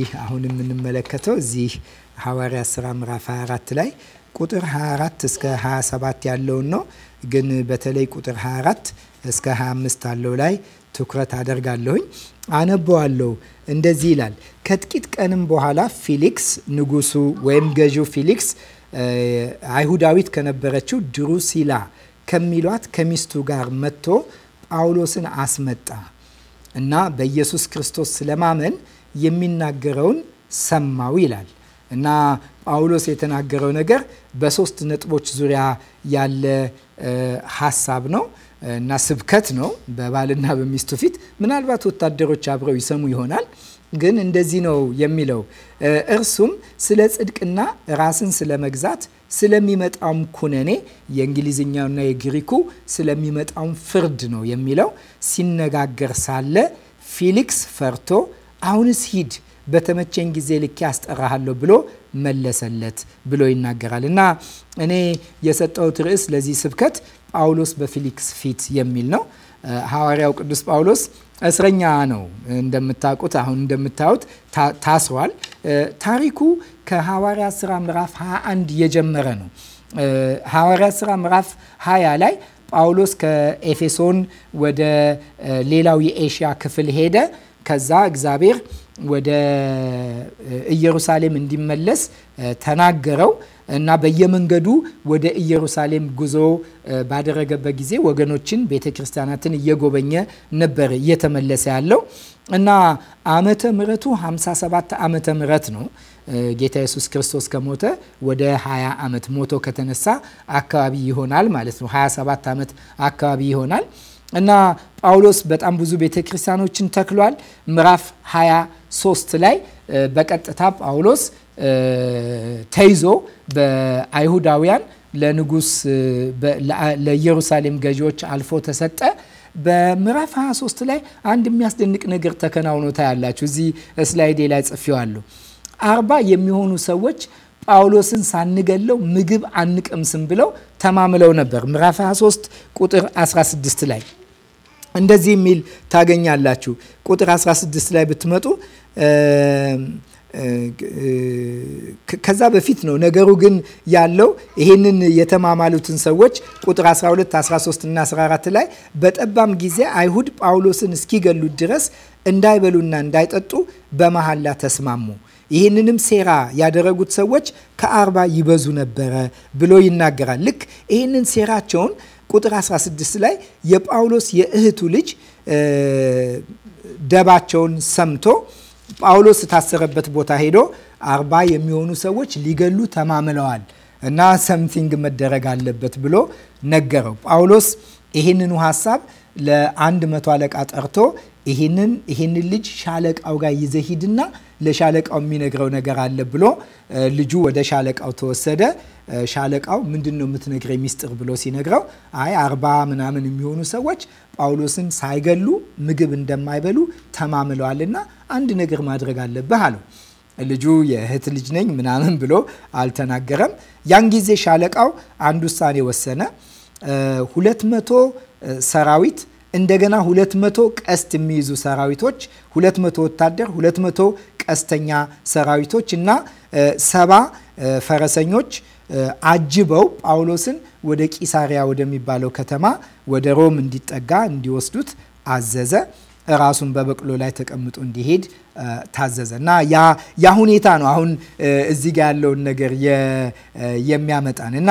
ይህ አሁን የምንመለከተው እዚህ ሐዋርያ ስራ ምዕራፍ 24 ላይ ቁጥር 24 እስከ 27 ያለውን ነው። ግን በተለይ ቁጥር 24 እስከ 25 አለው ላይ ትኩረት አደርጋለሁኝ። አነበዋለሁ። እንደዚህ ይላል። ከጥቂት ቀንም በኋላ ፊሊክስ ንጉሱ ወይም ገዢው ፊሊክስ አይሁዳዊት ከነበረችው ድሩሲላ ከሚሏት ከሚስቱ ጋር መጥቶ ጳውሎስን አስመጣ እና በኢየሱስ ክርስቶስ ስለማመን የሚናገረውን ሰማው ይላል እና ጳውሎስ የተናገረው ነገር በሶስት ነጥቦች ዙሪያ ያለ ሀሳብ ነው እና ስብከት ነው በባልና በሚስቱ ፊት። ምናልባት ወታደሮች አብረው ይሰሙ ይሆናል ግን እንደዚህ ነው የሚለው። እርሱም ስለ ጽድቅና ራስን ስለ መግዛት ስለሚመጣውም ኩነኔ የእንግሊዝኛውና የግሪኩ ስለሚመጣውም ፍርድ ነው የሚለው። ሲነጋገር ሳለ ፊሊክስ ፈርቶ አሁንስ ሂድ በተመቸኝ ጊዜ ልኬ አስጠራሃለሁ ብሎ መለሰለት ብሎ ይናገራል። እና እኔ የሰጠሁት ርዕስ ለዚህ ስብከት ጳውሎስ በፊሊክስ ፊት የሚል ነው። ሐዋርያው ቅዱስ ጳውሎስ እስረኛ ነው እንደምታውቁት፣ አሁን እንደምታዩት ታስሯል። ታሪኩ ከሐዋርያ ስራ ምዕራፍ 21 የጀመረ ነው። ሐዋርያ ስራ ምዕራፍ 20 ላይ ጳውሎስ ከኤፌሶን ወደ ሌላው የኤሽያ ክፍል ሄደ። ከዛ እግዚአብሔር ወደ ኢየሩሳሌም እንዲመለስ ተናገረው እና በየመንገዱ ወደ ኢየሩሳሌም ጉዞ ባደረገበት ጊዜ ወገኖችን፣ ቤተ ክርስቲያናትን እየጎበኘ ነበር እየተመለሰ ያለው እና ዓመተ ምሕረቱ 57 ዓመተ ምሕረት ነው። ጌታ ኢየሱስ ክርስቶስ ከሞተ ወደ 20 ዓመት ሞቶ ከተነሳ አካባቢ ይሆናል ማለት ነው። 27 ዓመት አካባቢ ይሆናል። እና ጳውሎስ በጣም ብዙ ቤተክርስቲያኖችን ተክሏል። ምዕራፍ 23 ላይ በቀጥታ ጳውሎስ ተይዞ በአይሁዳውያን ለንጉስ ለኢየሩሳሌም ገዢዎች አልፎ ተሰጠ። በምዕራፍ 23 ላይ አንድ የሚያስደንቅ ነገር ተከናውኖ ታያላችሁ። እዚህ ስላይዴ ላይ ጽፌዋለሁ። አርባ የሚሆኑ ሰዎች ጳውሎስን ሳንገለው ምግብ አንቀምስም ብለው ተማምለው ነበር። ምዕራፍ 23 ቁጥር 16 ላይ እንደዚህ የሚል ታገኛላችሁ። ቁጥር 16 ላይ ብትመጡ ከዛ በፊት ነው ነገሩ ግን ያለው ይህንን የተማማሉትን ሰዎች ቁጥር 12፣ 13 እና 14 ላይ በጠባም ጊዜ አይሁድ ጳውሎስን እስኪገሉት ድረስ እንዳይበሉና እንዳይጠጡ በመሐላ ተስማሙ። ይህንንም ሴራ ያደረጉት ሰዎች ከአርባ ይበዙ ነበረ ብሎ ይናገራል። ልክ ይህንን ሴራቸውን ቁጥር 16 ላይ የጳውሎስ የእህቱ ልጅ ደባቸውን ሰምቶ ጳውሎስ የታሰረበት ቦታ ሄዶ አርባ የሚሆኑ ሰዎች ሊገሉ ተማምለዋል እና ሰምቲንግ መደረግ አለበት ብሎ ነገረው። ጳውሎስ ይህንኑ ሀሳብ ለአንድ መቶ አለቃ ጠርቶ ይህንን ልጅ ሻለቃው ጋር ይዘህ ሂድና ለሻለቃው የሚነግረው ነገር አለ ብሎ ልጁ ወደ ሻለቃው ተወሰደ። ሻለቃው ምንድን ነው የምትነግረ ሚስጥር ብሎ ሲነግረው አይ አርባ ምናምን የሚሆኑ ሰዎች ጳውሎስን ሳይገሉ ምግብ እንደማይበሉ ተማምለዋልና አንድ ነገር ማድረግ አለብህ አለው። ልጁ የእህት ልጅ ነኝ ምናምን ብሎ አልተናገረም። ያን ጊዜ ሻለቃው አንድ ውሳኔ ወሰነ። ሁለት መቶ ሰራዊት እንደገና ሁለት መቶ ቀስት የሚይዙ ሰራዊቶች፣ 200 ወታደር፣ 200 ቀስተኛ ሰራዊቶች እና ሰባ ፈረሰኞች አጅበው ጳውሎስን ወደ ቂሳሪያ ወደሚባለው ከተማ ወደ ሮም እንዲጠጋ እንዲወስዱት አዘዘ። ራሱን በበቅሎ ላይ ተቀምጦ እንዲሄድ ታዘዘ እና ያ ሁኔታ ነው አሁን እዚህ ጋ ያለውን ነገር የሚያመጣን እና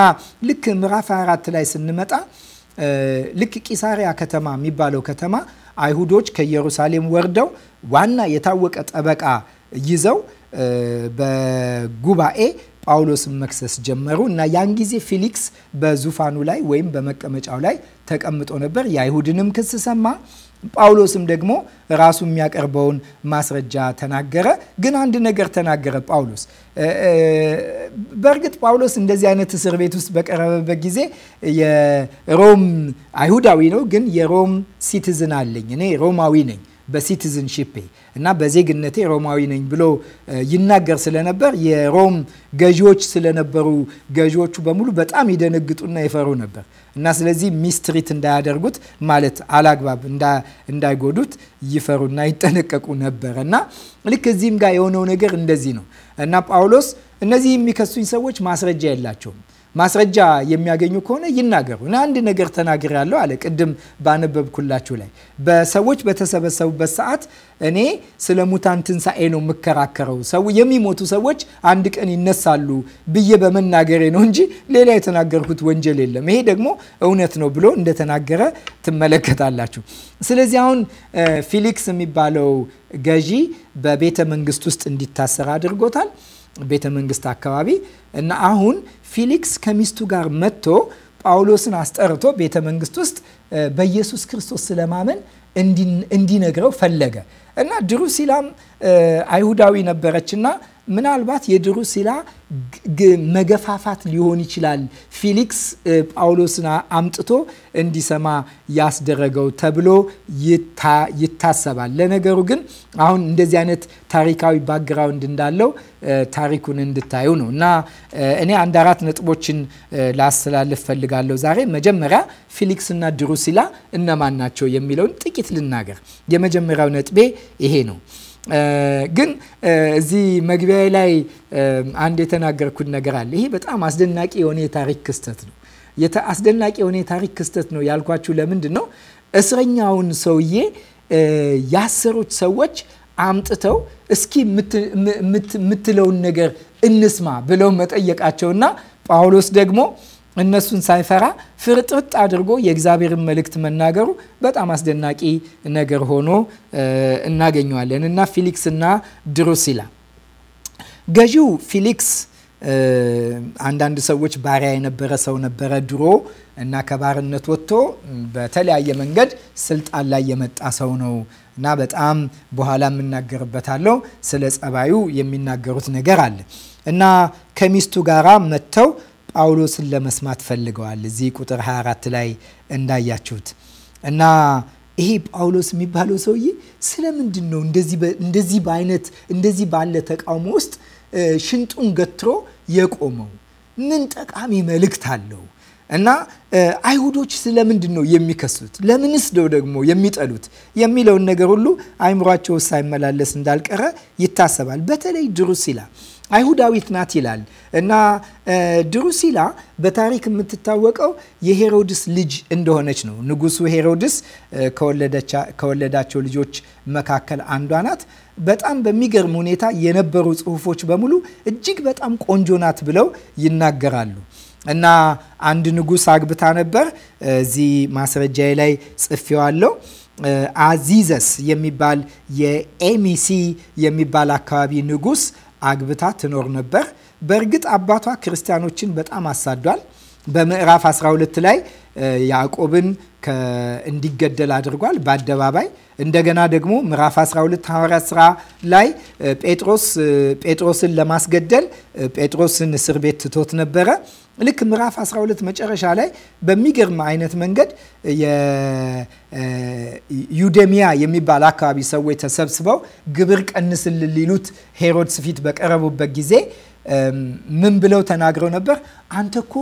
ልክ ምዕራፍ አራት ላይ ስንመጣ ልክ ቂሳሪያ ከተማ የሚባለው ከተማ አይሁዶች ከኢየሩሳሌም ወርደው ዋና የታወቀ ጠበቃ ይዘው በጉባኤ ጳውሎስን መክሰስ ጀመሩ እና ያን ጊዜ ፊሊክስ በዙፋኑ ላይ ወይም በመቀመጫው ላይ ተቀምጦ ነበር። የአይሁድንም ክስ ሰማ ጳውሎስም ደግሞ ራሱ የሚያቀርበውን ማስረጃ ተናገረ። ግን አንድ ነገር ተናገረ ጳውሎስ። በእርግጥ ጳውሎስ እንደዚህ አይነት እስር ቤት ውስጥ በቀረበበት ጊዜ የሮም አይሁዳዊ ነው፣ ግን የሮም ሲቲዝን አለኝ እኔ ሮማዊ ነኝ በሲቲዝንሺፕ እና በዜግነቴ ሮማዊ ነኝ ብሎ ይናገር ስለነበር የሮም ገዢዎች ስለነበሩ ገዢዎቹ በሙሉ በጣም ይደነግጡና ይፈሩ ነበር እና ስለዚህ ሚስትሪት እንዳያደርጉት ማለት አላግባብ እንዳይጎዱት ይፈሩና ይጠነቀቁ ነበር እና ልክ እዚህም ጋር የሆነው ነገር እንደዚህ ነው እና ጳውሎስ እነዚህ የሚከሱኝ ሰዎች ማስረጃ የላቸውም ማስረጃ የሚያገኙ ከሆነ ይናገሩ እና አንድ ነገር ተናገር ያለው አለ። ቅድም ባነበብኩላችሁ ላይ በሰዎች በተሰበሰቡበት ሰዓት እኔ ስለ ሙታን ትንሣኤ ነው የምከራከረው፣ ሰው የሚሞቱ ሰዎች አንድ ቀን ይነሳሉ ብዬ በመናገሬ ነው እንጂ ሌላ የተናገርኩት ወንጀል የለም፣ ይሄ ደግሞ እውነት ነው ብሎ እንደተናገረ ትመለከታላችሁ። ስለዚህ አሁን ፊሊክስ የሚባለው ገዢ በቤተ መንግስት ውስጥ እንዲታሰር አድርጎታል። ቤተ መንግስት አካባቢ እና አሁን ፊሊክስ ከሚስቱ ጋር መጥቶ ጳውሎስን አስጠርቶ ቤተ መንግስት ውስጥ በኢየሱስ ክርስቶስ ስለማመን እንዲነግረው ፈለገ እና ድሩሲላም አይሁዳዊ ነበረችና ምናልባት የድሩሲላ መገፋፋት ሊሆን ይችላል ፊሊክስ ጳውሎስን አምጥቶ እንዲሰማ ያስደረገው ተብሎ ይታሰባል። ለነገሩ ግን አሁን እንደዚህ አይነት ታሪካዊ ባክግራውንድ እንዳለው ታሪኩን እንድታዩ ነው እና እኔ አንድ አራት ነጥቦችን ላስተላልፍ ፈልጋለሁ ዛሬ። መጀመሪያ ፊሊክስና ድሩሲላ እነማን ናቸው የሚለውን ጥቂት ልናገር። የመጀመሪያው ነጥቤ ይሄ ነው። ግን እዚህ መግቢያ ላይ አንድ የተናገርኩት ነገር አለ። ይሄ በጣም አስደናቂ የሆነ የታሪክ ክስተት ነው። አስደናቂ የሆነ የታሪክ ክስተት ነው ያልኳችሁ ለምንድን ነው? እስረኛውን ሰውዬ ያሰሩት ሰዎች አምጥተው እስኪ የምትለውን ነገር እንስማ ብለው መጠየቃቸውና ጳውሎስ ደግሞ እነሱን ሳይፈራ ፍርጥርጥ አድርጎ የእግዚአብሔርን መልእክት መናገሩ በጣም አስደናቂ ነገር ሆኖ እናገኘዋለን እና ፊሊክስ እና ድሩሲላ ገዢው ፊሊክስ አንዳንድ ሰዎች ባሪያ የነበረ ሰው ነበረ ድሮ እና ከባርነት ወጥቶ በተለያየ መንገድ ስልጣን ላይ የመጣ ሰው ነው እና በጣም በኋላ የምናገርበታለው ስለ ጸባዩ የሚናገሩት ነገር አለ እና ከሚስቱ ጋራ መጥተው ጳውሎስን ለመስማት ፈልገዋል። እዚህ ቁጥር 24 ላይ እንዳያችሁት እና ይሄ ጳውሎስ የሚባለው ሰውዬ ስለምንድን ነው እንደዚህ በአይነት እንደዚህ ባለ ተቃውሞ ውስጥ ሽንጡን ገትሮ የቆመው? ምን ጠቃሚ መልእክት አለው? እና አይሁዶች ስለምንድን ነው የሚከሱት? ለምንስ ነው ደግሞ የሚጠሉት? የሚለውን ነገር ሁሉ አይምሯቸው ሳይመላለስ እንዳልቀረ ይታሰባል። በተለይ ድሩሲላ አይሁዳዊት ናት ይላል እና ድሩሲላ በታሪክ የምትታወቀው የሄሮድስ ልጅ እንደሆነች ነው። ንጉሱ ሄሮድስ ከወለዳቸው ልጆች መካከል አንዷ ናት። በጣም በሚገርም ሁኔታ የነበሩ ጽሁፎች በሙሉ እጅግ በጣም ቆንጆ ናት ብለው ይናገራሉ። እና አንድ ንጉስ አግብታ ነበር። እዚህ ማስረጃዬ ላይ ጽፌዋለሁ። አዚዘስ የሚባል የኤሚሲ የሚባል አካባቢ ንጉስ አግብታ ትኖር ነበር። በእርግጥ አባቷ ክርስቲያኖችን በጣም አሳዷል። በምዕራፍ 12 ላይ ያዕቆብን እንዲገደል አድርጓል በአደባባይ። እንደገና ደግሞ ምዕራፍ 12 ሐዋርያት ሥራ ላይ ጴጥሮስ ጴጥሮስን ለማስገደል ጴጥሮስን እስር ቤት ትቶት ነበረ። ልክ ምዕራፍ 12 መጨረሻ ላይ በሚገርም አይነት መንገድ የዩደሚያ የሚባል አካባቢ ሰዎች ተሰብስበው ግብር ቀንስልን ሊሉት ሄሮድስ ፊት በቀረቡበት ጊዜ ምን ብለው ተናግረው ነበር? አንተ እኮ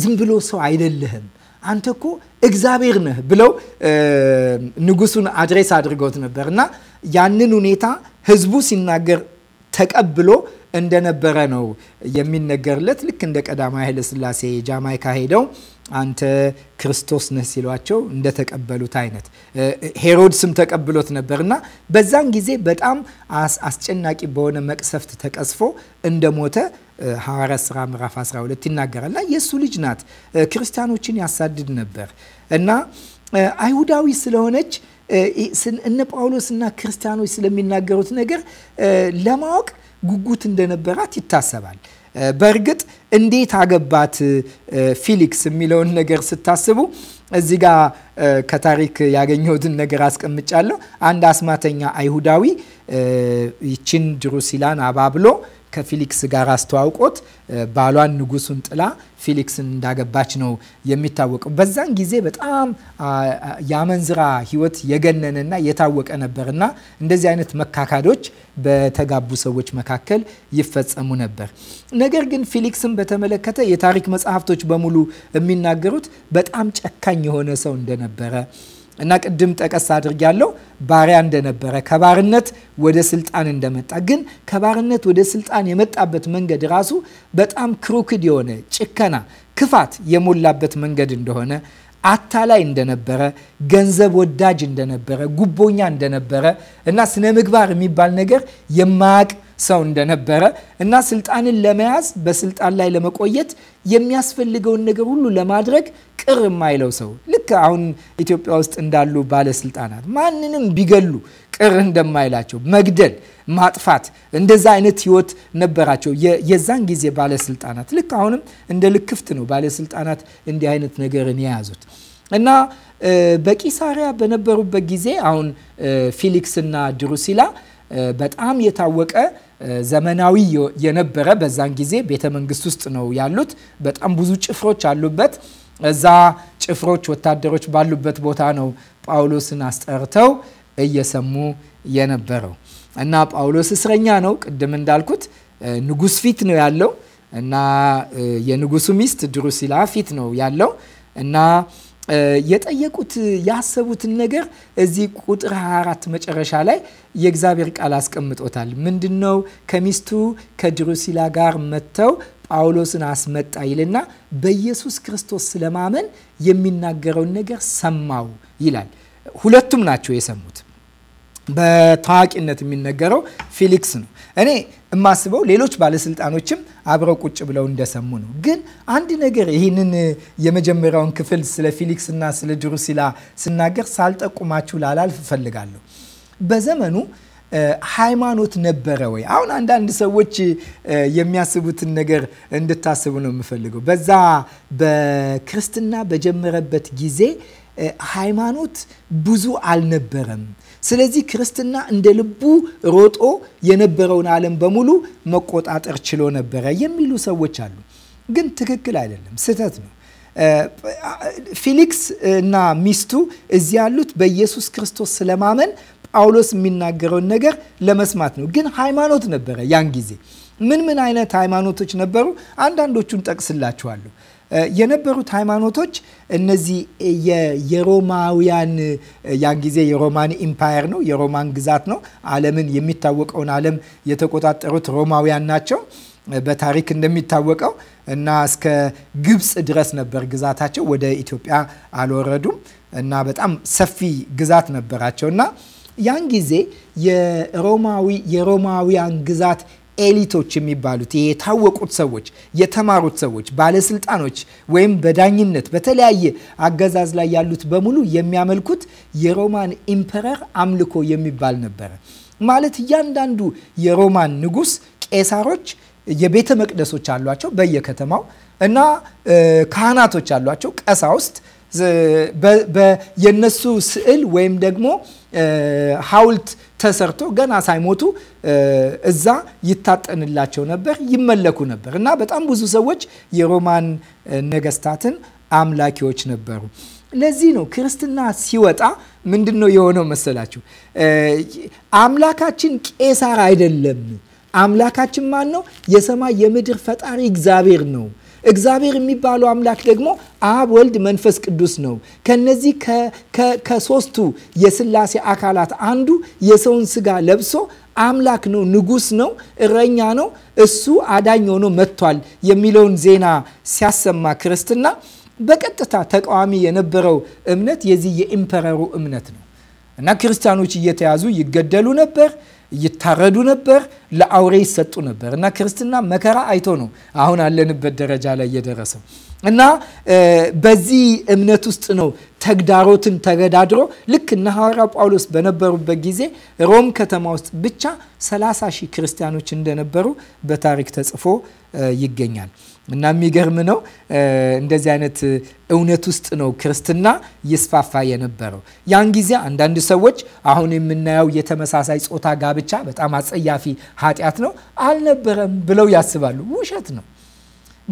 ዝም ብሎ ሰው አይደለህም አንተ እኮ እግዚአብሔር ነህ ብለው ንጉሱን አድሬስ አድርገውት ነበር እና ያንን ሁኔታ ህዝቡ ሲናገር ተቀብሎ እንደነበረ ነው የሚነገርለት። ልክ እንደ ቀዳማዊ ኃይለሥላሴ ጃማይካ ሄደው አንተ ክርስቶስ ነህ ሲሏቸው እንደተቀበሉት አይነት ሄሮድስም ተቀብሎት ነበርና በዛን ጊዜ በጣም አስጨናቂ በሆነ መቅሰፍት ተቀስፎ እንደሞተ ሐዋርያት ሥራ ምዕራፍ 12 ይናገራል እና የእሱ ልጅ ናት። ክርስቲያኖችን ያሳድድ ነበር እና አይሁዳዊ ስለሆነች እነ ጳውሎስና ክርስቲያኖች ስለሚናገሩት ነገር ለማወቅ ጉጉት እንደነበራት ይታሰባል። በእርግጥ እንዴት አገባት ፊሊክስ የሚለውን ነገር ስታስቡ እዚህ ጋ ከታሪክ ያገኘሁትን ነገር አስቀምጫለሁ። አንድ አስማተኛ አይሁዳዊ ይችን ድሩሲላን አባብሎ ከፊሊክስ ጋር አስተዋውቆት ባሏን ንጉሱን ጥላ ፊሊክስን እንዳገባች ነው የሚታወቀው። በዛን ጊዜ በጣም የአመንዝራ ህይወት የገነነና የታወቀ ነበርና እንደዚህ አይነት መካካዶች በተጋቡ ሰዎች መካከል ይፈጸሙ ነበር። ነገር ግን ፊሊክስን በተመለከተ የታሪክ መጽሐፍቶች በሙሉ የሚናገሩት በጣም ጨካኝ የሆነ ሰው እንደነበረ እና ቅድም ጠቀስ ያለው ባሪያ እንደነበረ ከባርነት ወደ ስልጣን እንደመጣ ግን ከባርነት ወደ ስልጣን የመጣበት መንገድ ራሱ በጣም ክሩክድ የሆነ ጭከና፣ ክፋት የሞላበት መንገድ እንደሆነ አታላይ እንደነበረ፣ ገንዘብ ወዳጅ እንደነበረ፣ ጉቦኛ እንደነበረ እና ስነ ምግባር የሚባል ነገር የማያቅ ሰው እንደነበረ እና ስልጣንን ለመያዝ በስልጣን ላይ ለመቆየት የሚያስፈልገውን ነገር ሁሉ ለማድረግ ቅር የማይለው ሰው ልክ አሁን ኢትዮጵያ ውስጥ እንዳሉ ባለስልጣናት ማንንም ቢገሉ ቅር እንደማይላቸው መግደል፣ ማጥፋት እንደዛ አይነት ህይወት ነበራቸው የዛን ጊዜ ባለስልጣናት። ልክ አሁንም እንደ ልክፍት ነው ባለስልጣናት እንዲህ አይነት ነገርን የያዙት እና በቂሳሪያ በነበሩበት ጊዜ አሁን ፊሊክስና ድሩሲላ በጣም የታወቀ ዘመናዊ የነበረ በዛን ጊዜ ቤተ መንግስት ውስጥ ነው ያሉት። በጣም ብዙ ጭፍሮች አሉበት። እዛ ጭፍሮች ወታደሮች ባሉበት ቦታ ነው ጳውሎስን አስጠርተው እየሰሙ የነበረው እና ጳውሎስ እስረኛ ነው። ቅድም እንዳልኩት ንጉስ ፊት ነው ያለው እና የንጉሱ ሚስት ድሩሲላ ፊት ነው ያለው እና የጠየቁት ያሰቡትን ነገር እዚህ ቁጥር 24 መጨረሻ ላይ የእግዚአብሔር ቃል አስቀምጦታል። ምንድን ነው? ከሚስቱ ከድሩሲላ ጋር መጥተው ጳውሎስን አስመጣ ይልና በኢየሱስ ክርስቶስ ስለማመን የሚናገረውን ነገር ሰማው ይላል። ሁለቱም ናቸው የሰሙት። በታዋቂነት የሚነገረው ፊሊክስ ነው። እኔ የማስበው ሌሎች ባለስልጣኖችም አብረው ቁጭ ብለው እንደሰሙ ነው። ግን አንድ ነገር ይህንን የመጀመሪያውን ክፍል ስለ ፊሊክስ እና ስለ ድሩሲላ ስናገር ሳልጠቁማችሁ ላላልፍ እፈልጋለሁ። በዘመኑ ሃይማኖት ነበረ ወይ? አሁን አንዳንድ ሰዎች የሚያስቡትን ነገር እንድታስቡ ነው የምፈልገው። በዛ በክርስትና በጀመረበት ጊዜ ሃይማኖት ብዙ አልነበረም። ስለዚህ ክርስትና እንደ ልቡ ሮጦ የነበረውን ዓለም በሙሉ መቆጣጠር ችሎ ነበረ የሚሉ ሰዎች አሉ። ግን ትክክል አይደለም፣ ስህተት ነው። ፊሊክስ እና ሚስቱ እዚህ ያሉት በኢየሱስ ክርስቶስ ስለማመን ጳውሎስ የሚናገረውን ነገር ለመስማት ነው። ግን ሃይማኖት ነበረ ያን ጊዜ። ምን ምን አይነት ሃይማኖቶች ነበሩ? አንዳንዶቹን ጠቅስላችኋለሁ። የነበሩት ሃይማኖቶች እነዚህ የሮማውያን ያን ጊዜ የሮማን ኢምፓየር ነው፣ የሮማን ግዛት ነው። ዓለምን የሚታወቀውን ዓለም የተቆጣጠሩት ሮማውያን ናቸው በታሪክ እንደሚታወቀው እና እስከ ግብፅ ድረስ ነበር ግዛታቸው። ወደ ኢትዮጵያ አልወረዱም እና በጣም ሰፊ ግዛት ነበራቸው እና ያን ጊዜ የሮማዊ የሮማውያን ግዛት ኤሊቶች የሚባሉት ይሄ የታወቁት ሰዎች፣ የተማሩት ሰዎች፣ ባለስልጣኖች ወይም በዳኝነት በተለያየ አገዛዝ ላይ ያሉት በሙሉ የሚያመልኩት የሮማን ኢምፐረር አምልኮ የሚባል ነበረ። ማለት እያንዳንዱ የሮማን ንጉስ ቄሳሮች የቤተ መቅደሶች አሏቸው በየከተማው እና ካህናቶች አሏቸው ቀሳውስት የነሱ ስዕል ወይም ደግሞ ሐውልት ተሰርቶ ገና ሳይሞቱ እዛ ይታጠንላቸው ነበር፣ ይመለኩ ነበር እና በጣም ብዙ ሰዎች የሮማን ነገስታትን አምላኪዎች ነበሩ። ለዚህ ነው ክርስትና ሲወጣ ምንድን ነው የሆነው መሰላችሁ? አምላካችን ቄሳር አይደለም። አምላካችን ማን ነው? የሰማይ የምድር ፈጣሪ እግዚአብሔር ነው እግዚአብሔር የሚባለው አምላክ ደግሞ አብ፣ ወልድ፣ መንፈስ ቅዱስ ነው። ከነዚህ ከሶስቱ የስላሴ አካላት አንዱ የሰውን ስጋ ለብሶ አምላክ ነው፣ ንጉስ ነው፣ እረኛ ነው። እሱ አዳኝ ሆኖ መጥቷል የሚለውን ዜና ሲያሰማ ክርስትና በቀጥታ ተቃዋሚ የነበረው እምነት የዚህ የኢምፐረሩ እምነት ነው እና ክርስቲያኖች እየተያዙ ይገደሉ ነበር። ይታረዱ ነበር፣ ለአውሬ ይሰጡ ነበር እና ክርስትና መከራ አይቶ ነው አሁን አለንበት ደረጃ ላይ የደረሰው። እና በዚህ እምነት ውስጥ ነው ተግዳሮትን ተገዳድሮ ልክ እነ ሐዋርያው ጳውሎስ በነበሩበት ጊዜ ሮም ከተማ ውስጥ ብቻ 30 ሺህ ክርስቲያኖች እንደነበሩ በታሪክ ተጽፎ ይገኛል። እና የሚገርም ነው። እንደዚህ አይነት እውነት ውስጥ ነው ክርስትና ይስፋፋ የነበረው። ያን ጊዜ አንዳንድ ሰዎች አሁን የምናየው የተመሳሳይ ጾታ ጋብቻ በጣም አጸያፊ ኃጢአት ነው አልነበረም ብለው ያስባሉ። ውሸት ነው።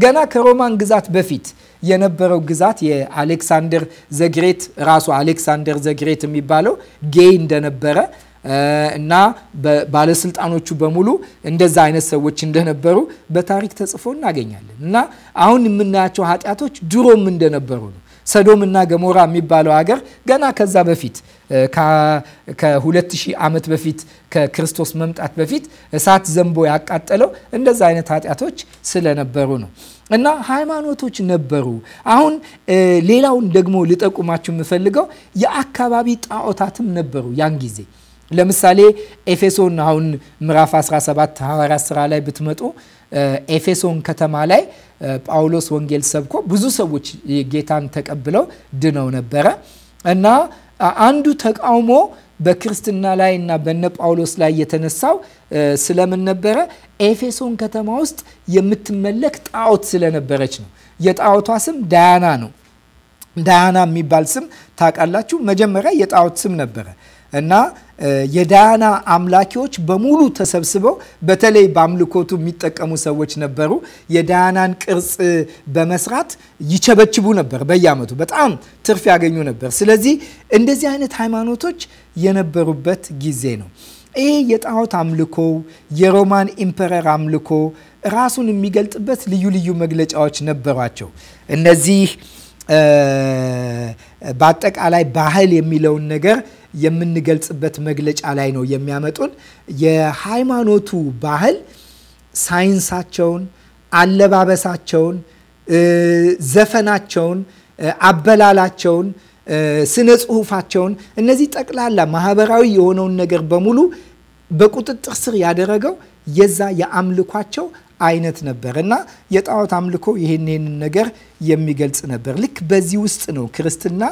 ገና ከሮማን ግዛት በፊት የነበረው ግዛት የአሌክሳንደር ዘግሬት ራሱ አሌክሳንደር ዘግሬት የሚባለው ጌይ እንደነበረ እና ባለስልጣኖቹ በሙሉ እንደዛ አይነት ሰዎች እንደነበሩ በታሪክ ተጽፎ እናገኛለን። እና አሁን የምናያቸው ኃጢአቶች ድሮም እንደነበሩ ነው። ሰዶም እና ገሞራ የሚባለው ሀገር ገና ከዛ በፊት ከ 2000 ዓመት በፊት ከክርስቶስ መምጣት በፊት እሳት ዘንቦ ያቃጠለው እንደዛ አይነት ኃጢአቶች ስለነበሩ ነው። እና ሃይማኖቶች ነበሩ። አሁን ሌላውን ደግሞ ልጠቁማችሁ የምፈልገው የአካባቢ ጣዖታትም ነበሩ ያን ጊዜ ለምሳሌ ኤፌሶን አሁን ምዕራፍ 17 ሐዋርያት ሥራ ላይ ብትመጡ ኤፌሶን ከተማ ላይ ጳውሎስ ወንጌል ሰብኮ ብዙ ሰዎች ጌታን ተቀብለው ድነው ነበረ እና አንዱ ተቃውሞ በክርስትና ላይ እና በነ ጳውሎስ ላይ የተነሳው ስለምን ነበረ? ኤፌሶን ከተማ ውስጥ የምትመለክ ጣዖት ስለነበረች ነው። የጣዖቷ ስም ዳያና ነው። ዳያና የሚባል ስም ታውቃላችሁ? መጀመሪያ የጣዖት ስም ነበረ። እና የዳያና አምላኪዎች በሙሉ ተሰብስበው በተለይ በአምልኮቱ የሚጠቀሙ ሰዎች ነበሩ። የዳያናን ቅርጽ በመስራት ይቸበችቡ ነበር። በየአመቱ በጣም ትርፍ ያገኙ ነበር። ስለዚህ እንደዚህ አይነት ሃይማኖቶች የነበሩበት ጊዜ ነው። ይህ የጣዖት አምልኮ የሮማን ኢምፐረር አምልኮ ራሱን የሚገልጥበት ልዩ ልዩ መግለጫዎች ነበሯቸው። እነዚህ በአጠቃላይ ባህል የሚለውን ነገር የምንገልጽበት መግለጫ ላይ ነው የሚያመጡን። የሃይማኖቱ ባህል ሳይንሳቸውን፣ አለባበሳቸውን፣ ዘፈናቸውን፣ አበላላቸውን፣ ስነ ጽሁፋቸውን እነዚህ ጠቅላላ ማህበራዊ የሆነውን ነገር በሙሉ በቁጥጥር ስር ያደረገው የዛ የአምልኳቸው አይነት ነበር እና የጣዖት አምልኮ ይህን ይህንን ነገር የሚገልጽ ነበር። ልክ በዚህ ውስጥ ነው ክርስትና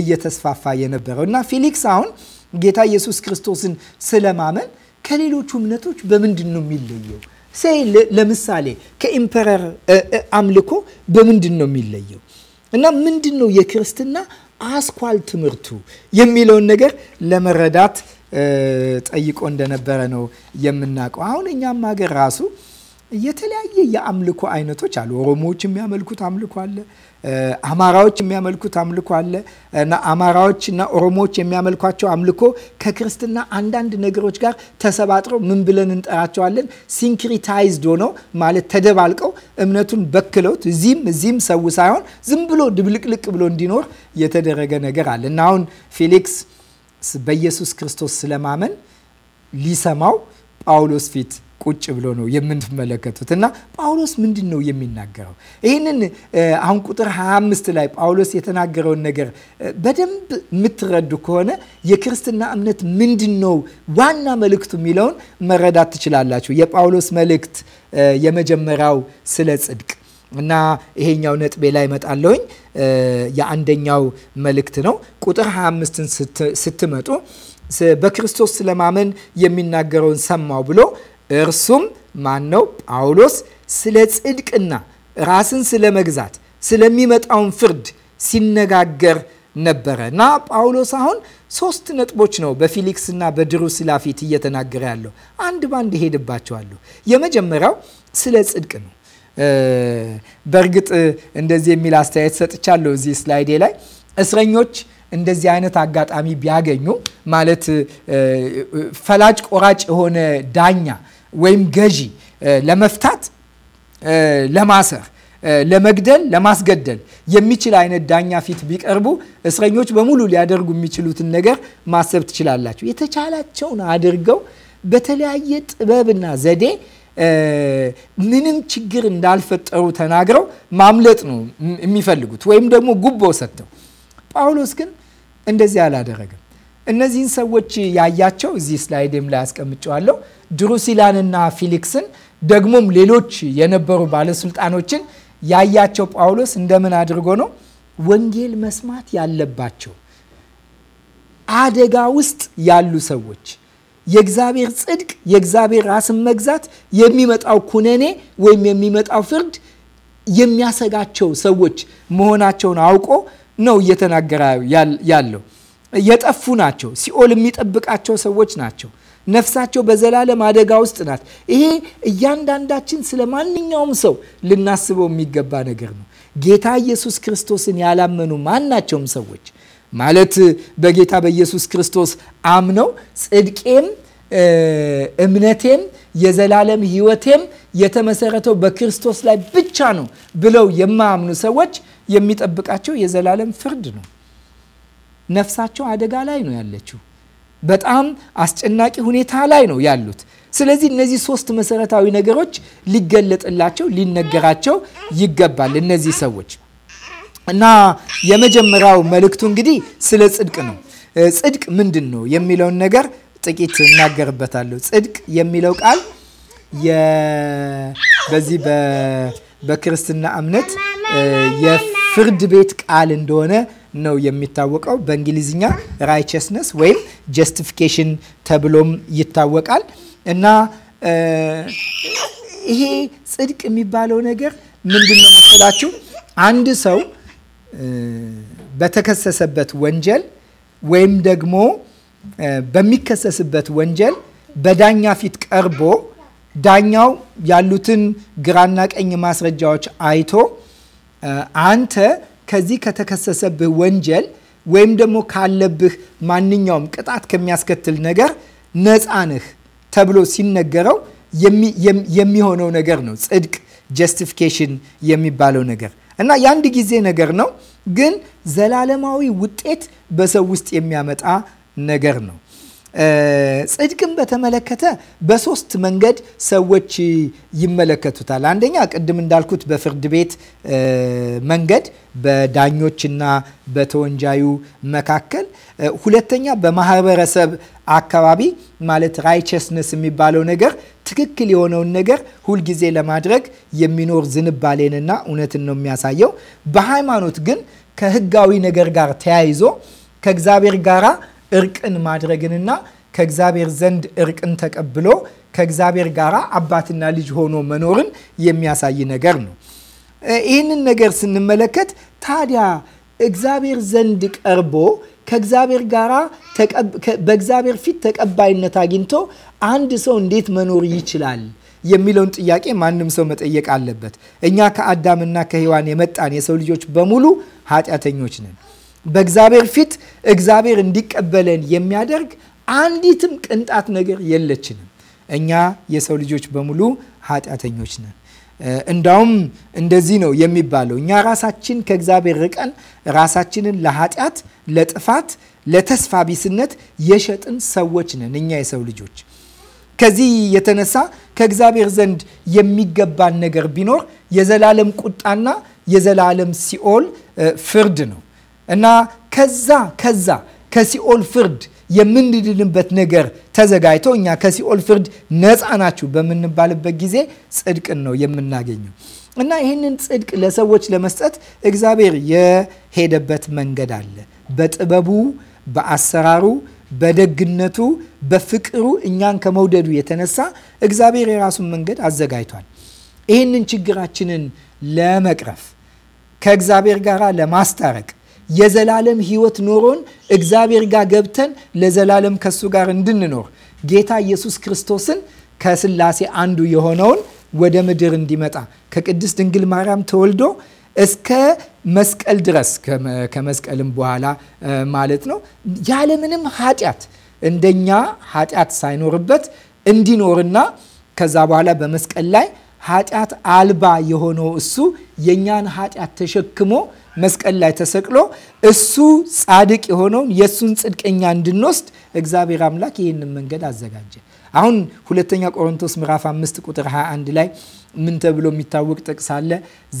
እየተስፋፋ የነበረው እና ፊሊክስ አሁን ጌታ ኢየሱስ ክርስቶስን ስለማመን ከሌሎቹ እምነቶች በምንድን ነው የሚለየው? ለምሳሌ ከኢምፐረር አምልኮ በምንድን ነው የሚለየው እና ምንድን ነው የክርስትና አስኳል ትምህርቱ የሚለውን ነገር ለመረዳት ጠይቆ እንደነበረ ነው የምናውቀው። አሁን እኛም ሀገር ራሱ የተለያየ የአምልኮ አይነቶች አሉ። ኦሮሞዎች የሚያመልኩት አምልኮ አለ። አማራዎች የሚያመልኩት አምልኮ አለ እና አማራዎች እና ኦሮሞዎች የሚያመልኳቸው አምልኮ ከክርስትና አንዳንድ ነገሮች ጋር ተሰባጥረው ምን ብለን እንጠራቸዋለን? ሲንክሪታይዝድ ሆነው ማለት ተደባልቀው እምነቱን በክለውት እዚህም እዚህም ሰው ሳይሆን ዝም ብሎ ድብልቅልቅ ብሎ እንዲኖር የተደረገ ነገር አለ እና አሁን ፌሊክስ በኢየሱስ ክርስቶስ ስለማመን ሊሰማው ጳውሎስ ፊት ቁጭ ብሎ ነው የምንመለከቱት እና ጳውሎስ ምንድን ነው የሚናገረው? ይህንን አሁን ቁጥር 25 ላይ ጳውሎስ የተናገረውን ነገር በደንብ የምትረዱ ከሆነ የክርስትና እምነት ምንድን ነው ዋና መልእክቱ የሚለውን መረዳት ትችላላችሁ። የጳውሎስ መልእክት የመጀመሪያው ስለ ጽድቅ እና ይሄኛው ነጥቤ ላይ እመጣለሁኝ። የአንደኛው መልእክት ነው። ቁጥር 25ን ስትመጡ በክርስቶስ ስለማመን የሚናገረውን ሰማው ብሎ እርሱም ማን ነው? ጳውሎስ ስለ ጽድቅና ራስን ስለ መግዛት ስለሚመጣውን ፍርድ ሲነጋገር ነበረ እና ጳውሎስ አሁን ሶስት ነጥቦች ነው በፊሊክስና እና በድሩስላ ፊት እየተናገረ ያለው። አንድ ባንድ ሄድባቸዋለሁ። የመጀመሪያው ስለ ጽድቅ ነው። በእርግጥ እንደዚህ የሚል አስተያየት ሰጥቻለሁ እዚህ ስላይዴ ላይ እስረኞች እንደዚህ አይነት አጋጣሚ ቢያገኙ ማለት ፈላጭ ቆራጭ የሆነ ዳኛ ወይም ገዢ ለመፍታት፣ ለማሰር፣ ለመግደል፣ ለማስገደል የሚችል አይነት ዳኛ ፊት ቢቀርቡ እስረኞች በሙሉ ሊያደርጉ የሚችሉትን ነገር ማሰብ ትችላላችሁ። የተቻላቸውን አድርገው በተለያየ ጥበብና ዘዴ ምንም ችግር እንዳልፈጠሩ ተናግረው ማምለጥ ነው የሚፈልጉት፣ ወይም ደግሞ ጉቦ ሰጥተው። ጳውሎስ ግን እንደዚህ አላደረገም። እነዚህን ሰዎች ያያቸው እዚህ ስላይድም ላይ አስቀምጨዋለሁ ድሩሲላንና ፊሊክስን ደግሞም ሌሎች የነበሩ ባለስልጣኖችን ያያቸው ጳውሎስ እንደምን አድርጎ ነው ወንጌል መስማት ያለባቸው አደጋ ውስጥ ያሉ ሰዎች የእግዚአብሔር ጽድቅ፣ የእግዚአብሔር ራስን መግዛት፣ የሚመጣው ኩነኔ ወይም የሚመጣው ፍርድ የሚያሰጋቸው ሰዎች መሆናቸውን አውቆ ነው እየተናገረ ያለው። የጠፉ ናቸው። ሲኦል የሚጠብቃቸው ሰዎች ናቸው። ነፍሳቸው በዘላለም አደጋ ውስጥ ናት። ይሄ እያንዳንዳችን ስለ ማንኛውም ሰው ልናስበው የሚገባ ነገር ነው። ጌታ ኢየሱስ ክርስቶስን ያላመኑ ማናቸውም ሰዎች ማለት በጌታ በኢየሱስ ክርስቶስ አምነው ጽድቄም እምነቴም የዘላለም ሕይወቴም የተመሰረተው በክርስቶስ ላይ ብቻ ነው ብለው የማያምኑ ሰዎች የሚጠብቃቸው የዘላለም ፍርድ ነው። ነፍሳቸው አደጋ ላይ ነው ያለችው። በጣም አስጨናቂ ሁኔታ ላይ ነው ያሉት። ስለዚህ እነዚህ ሶስት መሰረታዊ ነገሮች ሊገለጥላቸው ሊነገራቸው ይገባል እነዚህ ሰዎች እና የመጀመሪያው መልእክቱ እንግዲህ ስለ ጽድቅ ነው። ጽድቅ ምንድን ነው የሚለውን ነገር ጥቂት እናገርበታለሁ። ጽድቅ የሚለው ቃል በዚህ በክርስትና እምነት የፍርድ ቤት ቃል እንደሆነ ነው የሚታወቀው። በእንግሊዝኛ ራይቸስነስ ወይም ጀስቲፊኬሽን ተብሎም ይታወቃል እና ይሄ ጽድቅ የሚባለው ነገር ምንድን ነው መሰላችሁ? አንድ ሰው በተከሰሰበት ወንጀል ወይም ደግሞ በሚከሰስበት ወንጀል በዳኛ ፊት ቀርቦ ዳኛው ያሉትን ግራና ቀኝ ማስረጃዎች አይቶ አንተ ከዚህ ከተከሰሰብህ ወንጀል ወይም ደግሞ ካለብህ ማንኛውም ቅጣት ከሚያስከትል ነገር ነፃ ነህ ተብሎ ሲነገረው የሚሆነው ነገር ነው ጽድቅ ጀስቲፊኬሽን የሚባለው ነገር እና የአንድ ጊዜ ነገር ነው፣ ግን ዘላለማዊ ውጤት በሰው ውስጥ የሚያመጣ ነገር ነው። ጽድቅን በተመለከተ በሶስት መንገድ ሰዎች ይመለከቱታል። አንደኛ ቅድም እንዳልኩት በፍርድ ቤት መንገድ በዳኞችና በተወንጃዩ መካከል፣ ሁለተኛ በማህበረሰብ አካባቢ ማለት ራይቸስነስ የሚባለው ነገር ትክክል የሆነውን ነገር ሁልጊዜ ለማድረግ የሚኖር ዝንባሌንና እውነትን ነው የሚያሳየው። በሃይማኖት ግን ከህጋዊ ነገር ጋር ተያይዞ ከእግዚአብሔር ጋራ እርቅን ማድረግንና ከእግዚአብሔር ዘንድ እርቅን ተቀብሎ ከእግዚአብሔር ጋር አባትና ልጅ ሆኖ መኖርን የሚያሳይ ነገር ነው። ይህንን ነገር ስንመለከት ታዲያ እግዚአብሔር ዘንድ ቀርቦ ከእግዚአብሔር ጋር በእግዚአብሔር ፊት ተቀባይነት አግኝቶ አንድ ሰው እንዴት መኖር ይችላል የሚለውን ጥያቄ ማንም ሰው መጠየቅ አለበት። እኛ ከአዳምና ከሔዋን የመጣን የሰው ልጆች በሙሉ ኃጢአተኞች ነን። በእግዚአብሔር ፊት እግዚአብሔር እንዲቀበለን የሚያደርግ አንዲትም ቅንጣት ነገር የለችንም። እኛ የሰው ልጆች በሙሉ ኃጢአተኞች ነን። እንዳውም እንደዚህ ነው የሚባለው፣ እኛ ራሳችን ከእግዚአብሔር ርቀን ራሳችንን ለኃጢአት፣ ለጥፋት፣ ለተስፋ ቢስነት የሸጥን ሰዎች ነን እኛ የሰው ልጆች። ከዚህ የተነሳ ከእግዚአብሔር ዘንድ የሚገባን ነገር ቢኖር የዘላለም ቁጣና የዘላለም ሲኦል ፍርድ ነው። እና ከዛ ከዛ ከሲኦል ፍርድ የምንድንበት ነገር ተዘጋጅቶ እኛ ከሲኦል ፍርድ ነፃ ናችሁ በምንባልበት ጊዜ ጽድቅን ነው የምናገኘው። እና ይህንን ጽድቅ ለሰዎች ለመስጠት እግዚአብሔር የሄደበት መንገድ አለ። በጥበቡ፣ በአሰራሩ፣ በደግነቱ፣ በፍቅሩ እኛን ከመውደዱ የተነሳ እግዚአብሔር የራሱን መንገድ አዘጋጅቷል። ይህንን ችግራችንን ለመቅረፍ ከእግዚአብሔር ጋር ለማስታረቅ የዘላለም ህይወት ኖሮን እግዚአብሔር ጋር ገብተን ለዘላለም ከሱ ጋር እንድንኖር ጌታ ኢየሱስ ክርስቶስን ከስላሴ አንዱ የሆነውን ወደ ምድር እንዲመጣ ከቅድስት ድንግል ማርያም ተወልዶ እስከ መስቀል ድረስ ከመስቀልም በኋላ ማለት ነው ያለምንም ኃጢአት እንደኛ ኃጢአት ሳይኖርበት እንዲኖርና ከዛ በኋላ በመስቀል ላይ ኃጢአት አልባ የሆነው እሱ የእኛን ኃጢአት ተሸክሞ መስቀል ላይ ተሰቅሎ እሱ ጻድቅ የሆነውን የእሱን ጽድቀኛ እንድንወስድ እግዚአብሔር አምላክ ይህንን መንገድ አዘጋጀ። አሁን ሁለተኛ ቆሮንቶስ ምዕራፍ 5 ቁጥር 21 ላይ ምን ተብሎ የሚታወቅ ጥቅስ አለ?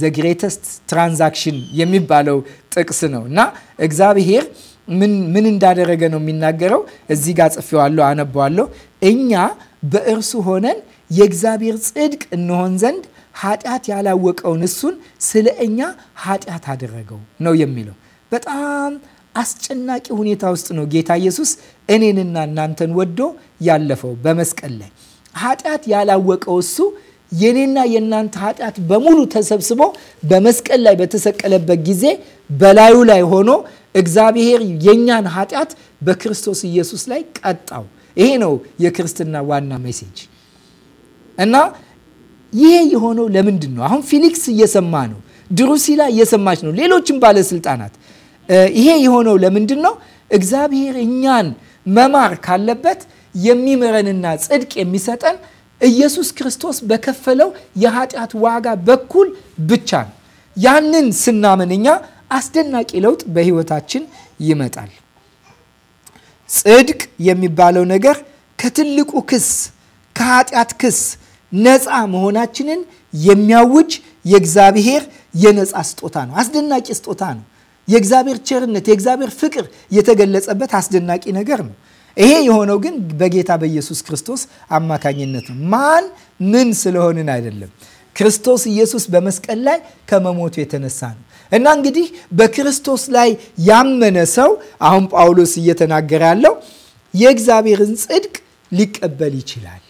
ዘ ግሬተስት ትራንዛክሽን የሚባለው ጥቅስ ነው እና እግዚአብሔር ምን እንዳደረገ ነው የሚናገረው። እዚህ ጋር ጽፌዋለሁ፣ አነበዋለሁ። እኛ በእርሱ ሆነን የእግዚአብሔር ጽድቅ እንሆን ዘንድ ኃጢአት ያላወቀውን እሱን ስለ እኛ ኃጢአት አደረገው ነው የሚለው። በጣም አስጨናቂ ሁኔታ ውስጥ ነው ጌታ ኢየሱስ እኔንና እናንተን ወዶ ያለፈው በመስቀል ላይ። ኃጢአት ያላወቀው እሱ የኔና የእናንተ ኃጢአት በሙሉ ተሰብስቦ በመስቀል ላይ በተሰቀለበት ጊዜ በላዩ ላይ ሆኖ እግዚአብሔር የእኛን ኃጢአት በክርስቶስ ኢየሱስ ላይ ቀጣው። ይሄ ነው የክርስትና ዋና ሜሴጅ እና ይሄ የሆነው ለምንድን ነው? አሁን ፊሊክስ እየሰማ ነው። ድሩሲላ እየሰማች ነው። ሌሎችም ባለስልጣናት ይሄ የሆነው ለምንድን ነው? እግዚአብሔር እኛን መማር ካለበት የሚምረንና ጽድቅ የሚሰጠን ኢየሱስ ክርስቶስ በከፈለው የኃጢአት ዋጋ በኩል ብቻ ነው። ያንን ስናምን እኛ አስደናቂ ለውጥ በህይወታችን ይመጣል። ጽድቅ የሚባለው ነገር ከትልቁ ክስ ከኃጢአት ክስ ነፃ መሆናችንን የሚያውጅ የእግዚአብሔር የነፃ ስጦታ ነው። አስደናቂ ስጦታ ነው። የእግዚአብሔር ቸርነት፣ የእግዚአብሔር ፍቅር የተገለጸበት አስደናቂ ነገር ነው። ይሄ የሆነው ግን በጌታ በኢየሱስ ክርስቶስ አማካኝነት ነው። ማን ምን ስለሆንን አይደለም። ክርስቶስ ኢየሱስ በመስቀል ላይ ከመሞቱ የተነሳ ነው እና እንግዲህ በክርስቶስ ላይ ያመነ ሰው አሁን ጳውሎስ እየተናገረ ያለው የእግዚአብሔርን ጽድቅ ሊቀበል ይችላል።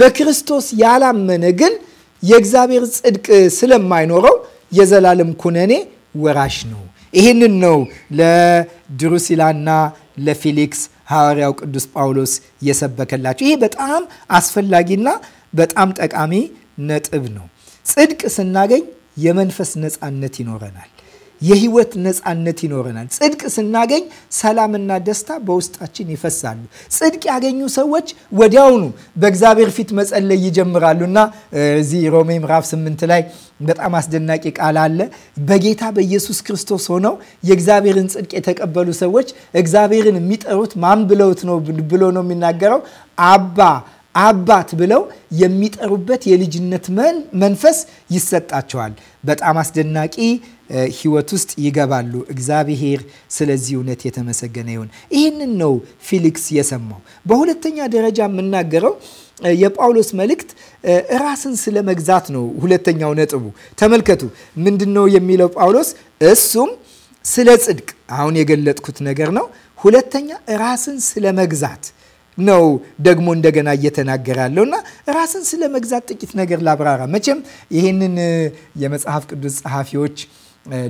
በክርስቶስ ያላመነ ግን የእግዚአብሔር ጽድቅ ስለማይኖረው የዘላለም ኩነኔ ወራሽ ነው። ይህንን ነው ለድሩሲላና ለፊሊክስ ሐዋርያው ቅዱስ ጳውሎስ የሰበከላቸው። ይሄ በጣም አስፈላጊና በጣም ጠቃሚ ነጥብ ነው። ጽድቅ ስናገኝ የመንፈስ ነፃነት ይኖረናል። የህይወት ነፃነት ይኖረናል። ጽድቅ ስናገኝ ሰላምና ደስታ በውስጣችን ይፈሳሉ። ጽድቅ ያገኙ ሰዎች ወዲያውኑ በእግዚአብሔር ፊት መጸለይ ይጀምራሉ እና እዚህ ሮሜ ምዕራፍ ስምንት ላይ በጣም አስደናቂ ቃል አለ። በጌታ በኢየሱስ ክርስቶስ ሆነው የእግዚአብሔርን ጽድቅ የተቀበሉ ሰዎች እግዚአብሔርን የሚጠሩት ማን ብለውት ነው ብሎ ነው የሚናገረው አባ አባት ብለው የሚጠሩበት የልጅነት መንፈስ ይሰጣቸዋል። በጣም አስደናቂ ህይወት ውስጥ ይገባሉ። እግዚአብሔር ስለዚህ እውነት የተመሰገነ ይሁን። ይህንን ነው ፊሊክስ የሰማው። በሁለተኛ ደረጃ የምናገረው የጳውሎስ መልእክት ራስን ስለ መግዛት ነው። ሁለተኛው ነጥቡ ተመልከቱ፣ ምንድን ነው የሚለው ጳውሎስ? እሱም ስለ ጽድቅ አሁን የገለጥኩት ነገር ነው። ሁለተኛ ራስን ስለ መግዛት ነው ደግሞ እንደገና እየተናገረ ያለው እና ራስን ስለ መግዛት ጥቂት ነገር ላብራራ። መቼም ይህንን የመጽሐፍ ቅዱስ ጸሐፊዎች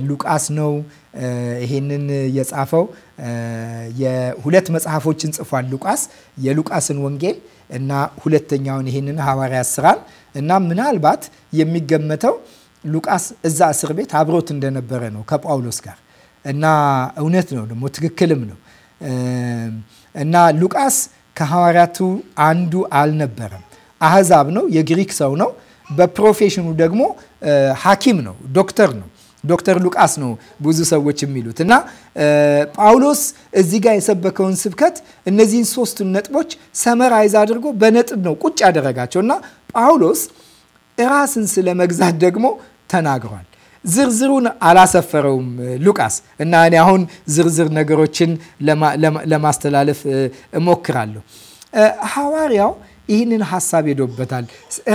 ሉቃስ ነው ይሄንን የጻፈው። የሁለት መጽሐፎችን ጽፏል ሉቃስ የሉቃስን ወንጌል እና ሁለተኛውን ይሄንን ሐዋርያት ስራን እና ምናልባት የሚገመተው ሉቃስ እዛ እስር ቤት አብሮት እንደነበረ ነው ከጳውሎስ ጋር እና እውነት ነው ደግሞ ትክክልም ነው እና ሉቃስ ከሐዋርያቱ አንዱ አልነበረም። አህዛብ ነው፣ የግሪክ ሰው ነው። በፕሮፌሽኑ ደግሞ ሐኪም ነው፣ ዶክተር ነው ዶክተር ሉቃስ ነው ብዙ ሰዎች የሚሉት እና ጳውሎስ እዚህ ጋር የሰበከውን ስብከት እነዚህን ሶስቱን ነጥቦች ሰመራይዝ አድርጎ በነጥብ ነው ቁጭ ያደረጋቸው እና ጳውሎስ ራስን ስለመግዛት ደግሞ ተናግሯል። ዝርዝሩን አላሰፈረውም ሉቃስ እና እኔ አሁን ዝርዝር ነገሮችን ለማስተላለፍ እሞክራለሁ። ሐዋርያው ይህንን ሀሳብ ሄዶበታል።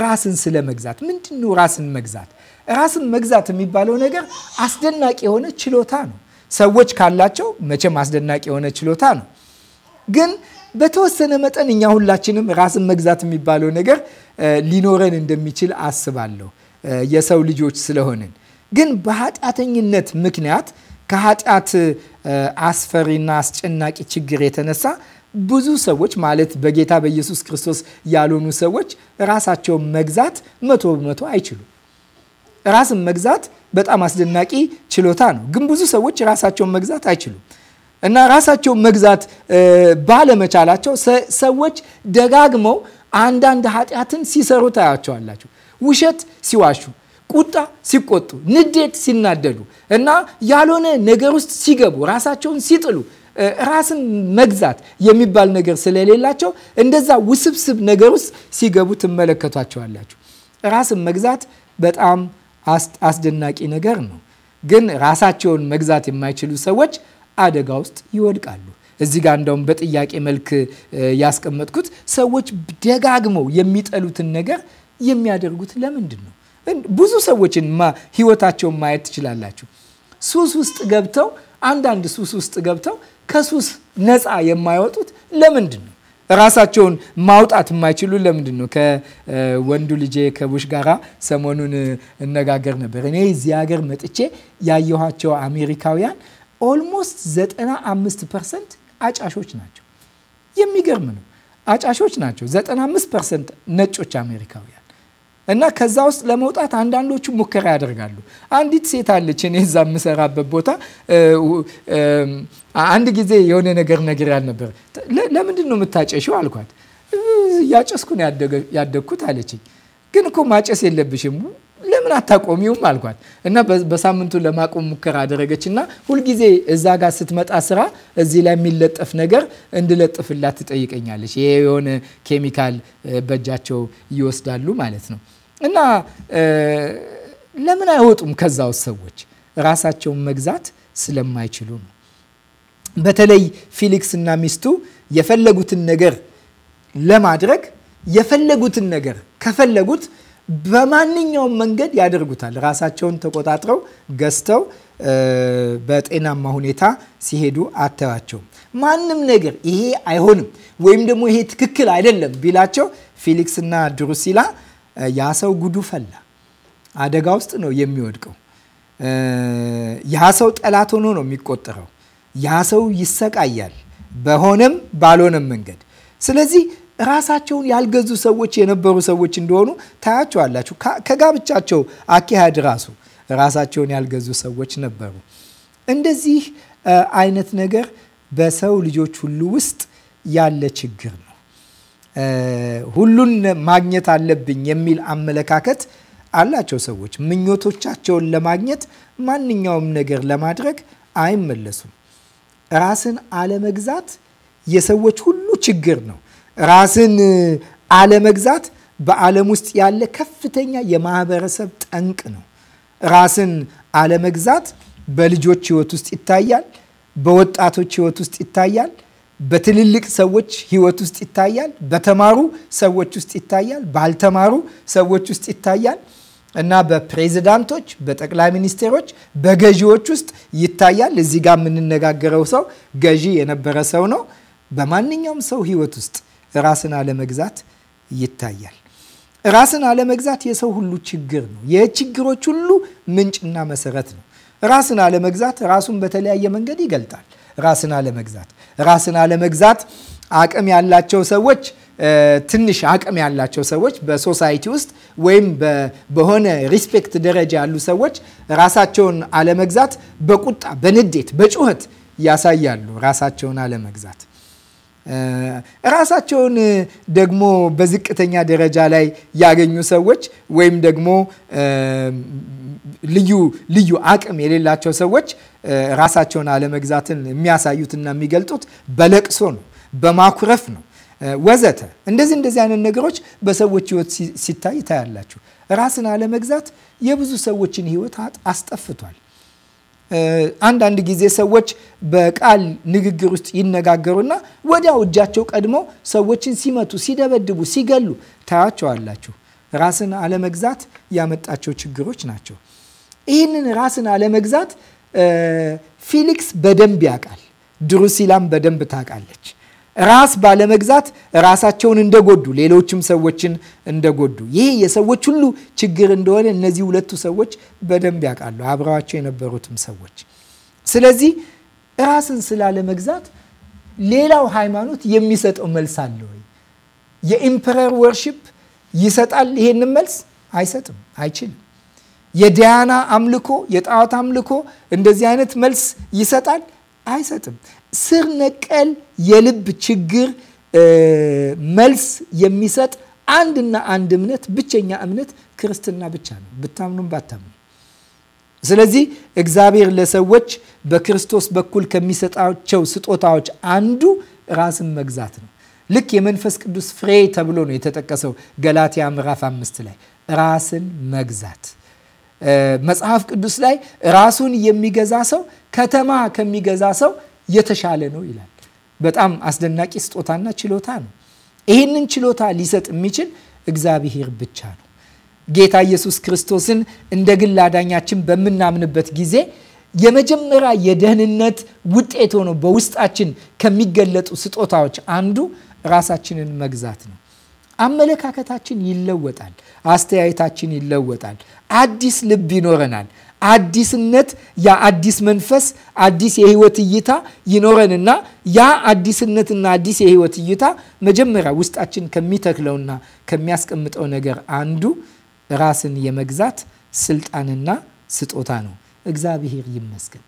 ራስን ስለመግዛት መግዛት ምንድን ነው ራስን መግዛት ራስን መግዛት የሚባለው ነገር አስደናቂ የሆነ ችሎታ ነው። ሰዎች ካላቸው መቼም አስደናቂ የሆነ ችሎታ ነው። ግን በተወሰነ መጠን እኛ ሁላችንም ራስን መግዛት የሚባለው ነገር ሊኖረን እንደሚችል አስባለሁ የሰው ልጆች ስለሆንን ግን በኃጢአተኝነት ምክንያት ከኃጢአት አስፈሪና አስጨናቂ ችግር የተነሳ ብዙ ሰዎች ማለት በጌታ በኢየሱስ ክርስቶስ ያልሆኑ ሰዎች ራሳቸውን መግዛት መቶ በመቶ አይችሉም። ራስን መግዛት በጣም አስደናቂ ችሎታ ነው። ግን ብዙ ሰዎች ራሳቸውን መግዛት አይችሉም እና ራሳቸውን መግዛት ባለመቻላቸው ሰዎች ደጋግመው አንዳንድ ኃጢአትን ሲሰሩ ታያቸዋላችሁ። ውሸት ሲዋሹ፣ ቁጣ ሲቆጡ፣ ንዴት ሲናደዱ እና ያልሆነ ነገር ውስጥ ሲገቡ ራሳቸውን ሲጥሉ ራስን መግዛት የሚባል ነገር ስለሌላቸው እንደዛ ውስብስብ ነገር ውስጥ ሲገቡ ትመለከቷቸዋላችሁ። ራስን መግዛት በጣም አስደናቂ ነገር ነው። ግን ራሳቸውን መግዛት የማይችሉ ሰዎች አደጋ ውስጥ ይወድቃሉ። እዚህ ጋር እንደውም በጥያቄ መልክ ያስቀመጥኩት ሰዎች ደጋግመው የሚጠሉትን ነገር የሚያደርጉት ለምንድን ነው? ብዙ ሰዎችን ህይወታቸውን ማየት ትችላላችሁ። ሱስ ውስጥ ገብተው አንዳንድ ሱስ ውስጥ ገብተው ከሱስ ነፃ የማይወጡት ለምንድን ነው? ራሳቸውን ማውጣት የማይችሉ ለምንድን ነው? ከወንዱ ልጄ ከቡሽ ጋራ ሰሞኑን እነጋገር ነበር። እኔ እዚህ ሀገር መጥቼ ያየኋቸው አሜሪካውያን ኦልሞስት 95 ፐርሰንት አጫሾች ናቸው። የሚገርም ነው። አጫሾች ናቸው። 95 ፐርሰንት ነጮች አሜሪካውያን እና ከዛ ውስጥ ለመውጣት አንዳንዶቹ ሙከራ ያደርጋሉ። አንዲት ሴት አለች እኔ እዛ የምሰራበት ቦታ አንድ ጊዜ የሆነ ነገር ነገር ነበር። ለምንድን ነው የምታጨሽው አልኳት። እያጨስኩ ነው ያደግኩት አለችኝ። ግን እኮ ማጨስ የለብሽም ለምን አታቆሚውም አልኳት እና በሳምንቱ ለማቆም ሙከራ አደረገች እና ሁልጊዜ እዛ ጋር ስትመጣ ስራ እዚህ ላይ የሚለጠፍ ነገር እንድለጥፍላት ትጠይቀኛለች። ይሄ የሆነ ኬሚካል በእጃቸው ይወስዳሉ ማለት ነው። እና ለምን አይወጡም ከዛው ሰዎች? ራሳቸውን መግዛት ስለማይችሉ ነው። በተለይ ፊሊክስ እና ሚስቱ የፈለጉትን ነገር ለማድረግ የፈለጉትን ነገር ከፈለጉት በማንኛውም መንገድ ያደርጉታል። ራሳቸውን ተቆጣጥረው ገዝተው በጤናማ ሁኔታ ሲሄዱ አታያቸውም። ማንም ነገር ይሄ አይሆንም ወይም ደግሞ ይሄ ትክክል አይደለም ቢላቸው ፊሊክስና ድሩሲላ ያ ሰው ጉዱ ፈላ። አደጋ ውስጥ ነው የሚወድቀው። ያ ሰው ጠላት ሆኖ ነው የሚቆጠረው። ያ ሰው ይሰቃያል፣ በሆነም ባልሆነም መንገድ። ስለዚህ ራሳቸውን ያልገዙ ሰዎች የነበሩ ሰዎች እንደሆኑ ታያቸዋላችሁ። ከጋብቻቸው አካሄድ ራሱ ራሳቸውን ያልገዙ ሰዎች ነበሩ። እንደዚህ አይነት ነገር በሰው ልጆች ሁሉ ውስጥ ያለ ችግር ነው። ሁሉን ማግኘት አለብኝ የሚል አመለካከት አላቸው ሰዎች። ምኞቶቻቸውን ለማግኘት ማንኛውም ነገር ለማድረግ አይመለሱም። ራስን አለመግዛት የሰዎች ሁሉ ችግር ነው። ራስን አለመግዛት በዓለም ውስጥ ያለ ከፍተኛ የማህበረሰብ ጠንቅ ነው። ራስን አለመግዛት በልጆች ህይወት ውስጥ ይታያል። በወጣቶች ህይወት ውስጥ ይታያል። በትልልቅ ሰዎች ህይወት ውስጥ ይታያል። በተማሩ ሰዎች ውስጥ ይታያል። ባልተማሩ ሰዎች ውስጥ ይታያል እና በፕሬዚዳንቶች፣ በጠቅላይ ሚኒስቴሮች፣ በገዢዎች ውስጥ ይታያል። እዚህ ጋር የምንነጋገረው ሰው ገዢ የነበረ ሰው ነው። በማንኛውም ሰው ህይወት ውስጥ ራስን አለመግዛት ይታያል። ራስን አለመግዛት የሰው ሁሉ ችግር ነው። የችግሮች ሁሉ ምንጭና መሰረት ነው። ራስን አለመግዛት ራሱን በተለያየ መንገድ ይገልጣል። ራስን አለመግዛት። ራስን አለመግዛት አቅም ያላቸው ሰዎች ትንሽ አቅም ያላቸው ሰዎች በሶሳይቲ ውስጥ ወይም በሆነ ሪስፔክት ደረጃ ያሉ ሰዎች ራሳቸውን አለመግዛት በቁጣ፣ በንዴት፣ በጩኸት ያሳያሉ። ራሳቸውን አለመግዛት ራሳቸውን ደግሞ በዝቅተኛ ደረጃ ላይ ያገኙ ሰዎች ወይም ደግሞ ልዩ ልዩ አቅም የሌላቸው ሰዎች ራሳቸውን አለመግዛትን የሚያሳዩትና የሚገልጡት በለቅሶ ነው፣ በማኩረፍ ነው ወዘተ። እንደዚህ እንደዚህ አይነት ነገሮች በሰዎች ህይወት ሲታይ ታያላችሁ። ራስን አለመግዛት የብዙ ሰዎችን ህይወት አስጠፍቷል። አንዳንድ ጊዜ ሰዎች በቃል ንግግር ውስጥ ይነጋገሩና ወዲያው እጃቸው ቀድሞ ሰዎችን ሲመቱ፣ ሲደበድቡ፣ ሲገሉ ታያቸዋላችሁ። ራስን አለመግዛት ያመጣቸው ችግሮች ናቸው። ይህንን ራስን አለመግዛት ፊሊክስ በደንብ ያውቃል። ድሩሲላም በደንብ ታውቃለች። ራስ ባለመግዛት ራሳቸውን እንደጎዱ ሌሎችም ሰዎችን እንደጎዱ ይህ የሰዎች ሁሉ ችግር እንደሆነ እነዚህ ሁለቱ ሰዎች በደንብ ያውቃሉ፣ አብረዋቸው የነበሩትም ሰዎች። ስለዚህ ራስን ስላለመግዛት ሌላው ሃይማኖት የሚሰጠው መልስ አለ ወይ? የኢምፐረር ወርሺፕ ይሰጣል ይሄንን መልስ? አይሰጥም፣ አይችልም። የዲያና አምልኮ፣ የጣዖት አምልኮ እንደዚህ አይነት መልስ ይሰጣል? አይሰጥም። ስር ነቀል የልብ ችግር መልስ የሚሰጥ አንድና አንድ እምነት፣ ብቸኛ እምነት ክርስትና ብቻ ነው፣ ብታምኑም ባታምኑ። ስለዚህ እግዚአብሔር ለሰዎች በክርስቶስ በኩል ከሚሰጣቸው ስጦታዎች አንዱ ራስን መግዛት ነው። ልክ የመንፈስ ቅዱስ ፍሬ ተብሎ ነው የተጠቀሰው ገላትያ ምዕራፍ አምስት ላይ ራስን መግዛት መጽሐፍ ቅዱስ ላይ ራሱን የሚገዛ ሰው ከተማ ከሚገዛ ሰው የተሻለ ነው ይላል። በጣም አስደናቂ ስጦታና ችሎታ ነው። ይህንን ችሎታ ሊሰጥ የሚችል እግዚአብሔር ብቻ ነው። ጌታ ኢየሱስ ክርስቶስን እንደ ግል አዳኛችን በምናምንበት ጊዜ የመጀመሪያ የደህንነት ውጤት ሆኖ በውስጣችን ከሚገለጡ ስጦታዎች አንዱ ራሳችንን መግዛት ነው። አመለካከታችን ይለወጣል። አስተያየታችን ይለወጣል። አዲስ ልብ ይኖረናል። አዲስነት ያ አዲስ መንፈስ አዲስ የህይወት እይታ ይኖረንና ያ አዲስነትና አዲስ የህይወት እይታ መጀመሪያ ውስጣችን ከሚተክለውና ከሚያስቀምጠው ነገር አንዱ ራስን የመግዛት ስልጣንና ስጦታ ነው። እግዚአብሔር ይመስገን።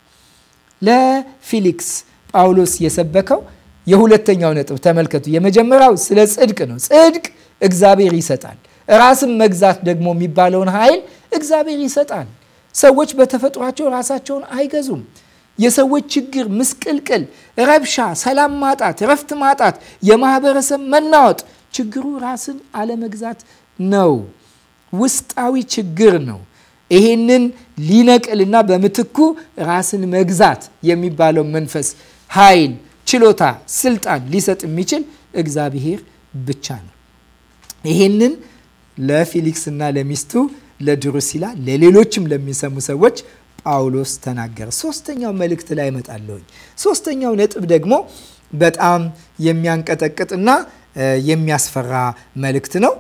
ለፊሊክስ ጳውሎስ የሰበከው የሁለተኛው ነጥብ ተመልከቱ። የመጀመሪያው ስለ ጽድቅ ነው። ጽድቅ እግዚአብሔር ይሰጣል። ራስን መግዛት ደግሞ የሚባለውን ኃይል እግዚአብሔር ይሰጣል። ሰዎች በተፈጥሯቸው ራሳቸውን አይገዙም። የሰዎች ችግር፣ ምስቅልቅል፣ ረብሻ፣ ሰላም ማጣት፣ ረፍት ማጣት፣ የማህበረሰብ መናወጥ ችግሩ ራስን አለመግዛት ነው። ውስጣዊ ችግር ነው። ይሄንን ሊነቅልና በምትኩ ራስን መግዛት የሚባለው መንፈስ ኃይል፣ ችሎታ፣ ስልጣን ሊሰጥ የሚችል እግዚአብሔር ብቻ ነው። ይሄንን ለፊሊክስ እና ለሚስቱ ለድሩሲላ፣ ለሌሎችም ለሚሰሙ ሰዎች ጳውሎስ ተናገረ። ሶስተኛው መልእክት ላይ እመጣለሁኝ። ሶስተኛው ነጥብ ደግሞ በጣም የሚያንቀጠቅጥና የሚያስፈራ መልእክት ነው።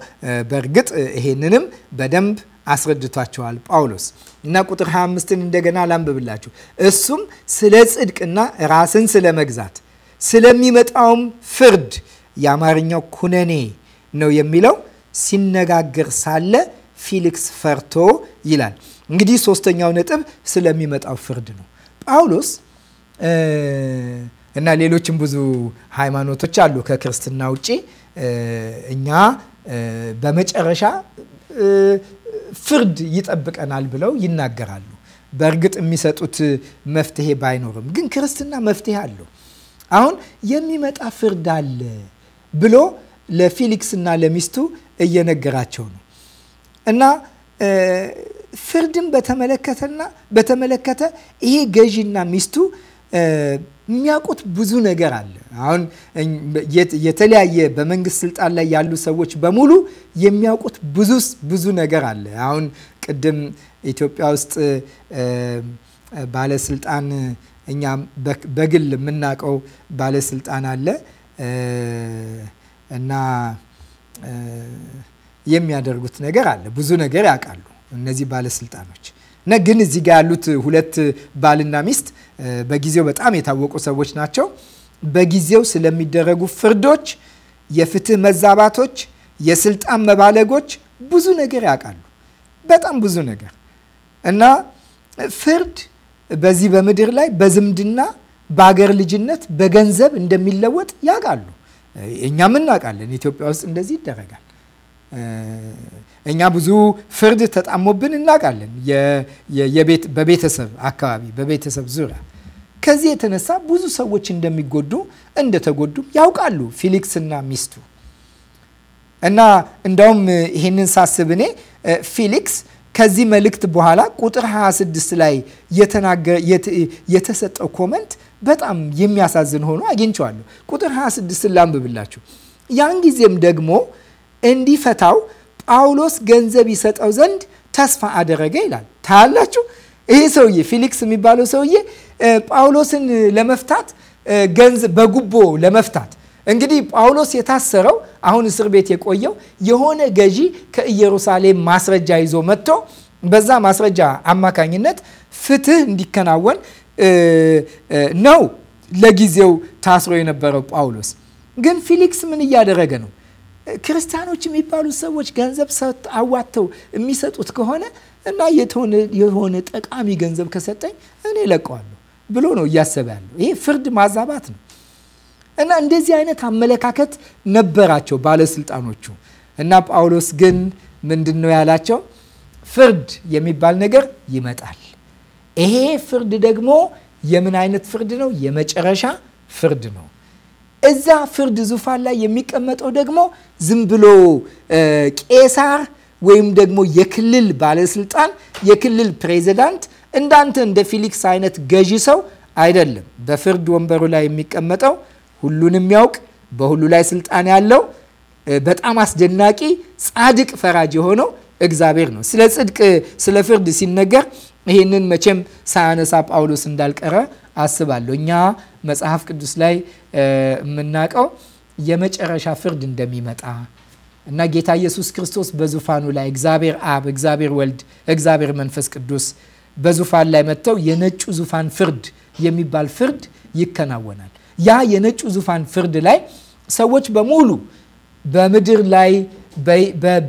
በእርግጥ ይሄንንም በደንብ አስረድቷቸዋል ጳውሎስ እና ቁጥር 25ን እንደገና ላንብብላችሁ። እሱም ስለ ጽድቅና ራስን ስለ መግዛት ስለሚመጣውም ፍርድ የአማርኛው ኩነኔ ነው የሚለው ሲነጋገር ሳለ ፊሊክስ ፈርቶ ይላል። እንግዲህ ሶስተኛው ነጥብ ስለሚመጣው ፍርድ ነው። ጳውሎስ እና ሌሎችም ብዙ ሃይማኖቶች አሉ ከክርስትና ውጪ እኛ በመጨረሻ ፍርድ ይጠብቀናል ብለው ይናገራሉ። በእርግጥ የሚሰጡት መፍትሄ ባይኖርም ግን ክርስትና መፍትሄ አለው። አሁን የሚመጣ ፍርድ አለ ብሎ ለፊሊክስና ለሚስቱ እየነገራቸው ነው እና ፍርድን በተመለከተና በተመለከተ ይሄ ገዢና ሚስቱ የሚያውቁት ብዙ ነገር አለ። አሁን የተለያየ በመንግስት ስልጣን ላይ ያሉ ሰዎች በሙሉ የሚያውቁት ብዙ ብዙ ነገር አለ። አሁን ቅድም ኢትዮጵያ ውስጥ ባለስልጣን እኛ በግል የምናውቀው ባለስልጣን አለ እና የሚያደርጉት ነገር አለ። ብዙ ነገር ያውቃሉ እነዚህ ባለስልጣኖች እና ግን እዚህ ጋር ያሉት ሁለት ባልና ሚስት በጊዜው በጣም የታወቁ ሰዎች ናቸው። በጊዜው ስለሚደረጉ ፍርዶች፣ የፍትህ መዛባቶች፣ የስልጣን መባለጎች ብዙ ነገር ያውቃሉ። በጣም ብዙ ነገር እና ፍርድ በዚህ በምድር ላይ በዝምድና በአገር ልጅነት በገንዘብ እንደሚለወጥ ያውቃሉ። እኛም እናውቃለን ኢትዮጵያ ውስጥ እንደዚህ ይደረጋል። እኛ ብዙ ፍርድ ተጣሞብን እናውቃለን። በቤተሰብ አካባቢ፣ በቤተሰብ ዙሪያ ከዚህ የተነሳ ብዙ ሰዎች እንደሚጎዱ እንደተጎዱ ያውቃሉ ፊሊክስ እና ሚስቱ እና እንደውም ይህንን ሳስብ እኔ ፊሊክስ ከዚህ መልእክት በኋላ ቁጥር 26 ላይ የተሰጠው ኮመንት በጣም የሚያሳዝን ሆኖ አግኝቸዋለሁ። ቁጥር 26 ላንብብላችሁ። ያን ጊዜም ደግሞ እንዲፈታው ጳውሎስ ገንዘብ ይሰጠው ዘንድ ተስፋ አደረገ ይላል። ታያላችሁ። ይሄ ሰውዬ ፊሊክስ የሚባለው ሰውዬ ጳውሎስን ለመፍታት ገንዘብ በጉቦ ለመፍታት እንግዲህ ጳውሎስ የታሰረው አሁን እስር ቤት የቆየው የሆነ ገዢ ከኢየሩሳሌም ማስረጃ ይዞ መጥቶ በዛ ማስረጃ አማካኝነት ፍትህ እንዲከናወን ነው ለጊዜው ታስሮ የነበረው ጳውሎስ። ግን ፊሊክስ ምን እያደረገ ነው? ክርስቲያኖች የሚባሉት ሰዎች ገንዘብ አዋጥተው የሚሰጡት ከሆነ እና የሆነ ጠቃሚ ገንዘብ ከሰጠኝ እኔ ለቀዋለሁ ብሎ ነው እያሰበ ያለው። ይሄ ፍርድ ማዛባት ነው። እና እንደዚህ አይነት አመለካከት ነበራቸው ባለስልጣኖቹ። እና ጳውሎስ ግን ምንድን ነው ያላቸው? ፍርድ የሚባል ነገር ይመጣል። ይሄ ፍርድ ደግሞ የምን አይነት ፍርድ ነው? የመጨረሻ ፍርድ ነው። እዛ ፍርድ ዙፋን ላይ የሚቀመጠው ደግሞ ዝም ብሎ ቄሳር ወይም ደግሞ የክልል ባለስልጣን፣ የክልል ፕሬዚዳንት እንዳንተ እንደ ፊሊክስ አይነት ገዢ ሰው አይደለም። በፍርድ ወንበሩ ላይ የሚቀመጠው ሁሉንም ያውቅ፣ በሁሉ ላይ ስልጣን ያለው በጣም አስደናቂ ጻድቅ ፈራጅ የሆነው እግዚአብሔር ነው። ስለ ጽድቅ፣ ስለ ፍርድ ሲነገር ይህንን መቼም ሳያነሳ ጳውሎስ እንዳልቀረ አስባለሁ። እኛ መጽሐፍ ቅዱስ ላይ የምናውቀው የመጨረሻ ፍርድ እንደሚመጣ እና ጌታ ኢየሱስ ክርስቶስ በዙፋኑ ላይ እግዚአብሔር አብ፣ እግዚአብሔር ወልድ፣ እግዚአብሔር መንፈስ ቅዱስ በዙፋን ላይ መጥተው የነጩ ዙፋን ፍርድ የሚባል ፍርድ ይከናወናል። ያ የነጩ ዙፋን ፍርድ ላይ ሰዎች በሙሉ በምድር ላይ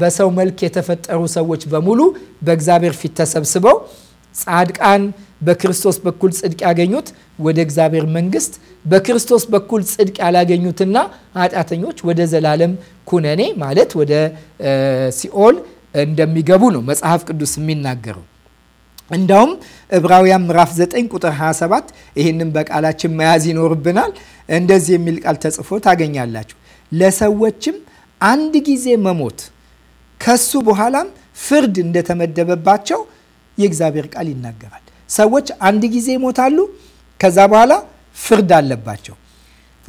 በሰው መልክ የተፈጠሩ ሰዎች በሙሉ በእግዚአብሔር ፊት ተሰብስበው ጻድቃን በክርስቶስ በኩል ጽድቅ ያገኙት ወደ እግዚአብሔር መንግስት፣ በክርስቶስ በኩል ጽድቅ ያላገኙትና ኃጢአተኞች ወደ ዘላለም ኩነኔ ማለት ወደ ሲኦል እንደሚገቡ ነው መጽሐፍ ቅዱስ የሚናገረው። እንዳውም ዕብራውያን ምዕራፍ 9 ቁጥር 27 ይህንም በቃላችን መያዝ ይኖርብናል። እንደዚህ የሚል ቃል ተጽፎ ታገኛላችሁ። ለሰዎችም አንድ ጊዜ መሞት ከሱ በኋላም ፍርድ እንደተመደበባቸው የእግዚአብሔር ቃል ይናገራል። ሰዎች አንድ ጊዜ ይሞታሉ፣ ከዛ በኋላ ፍርድ አለባቸው።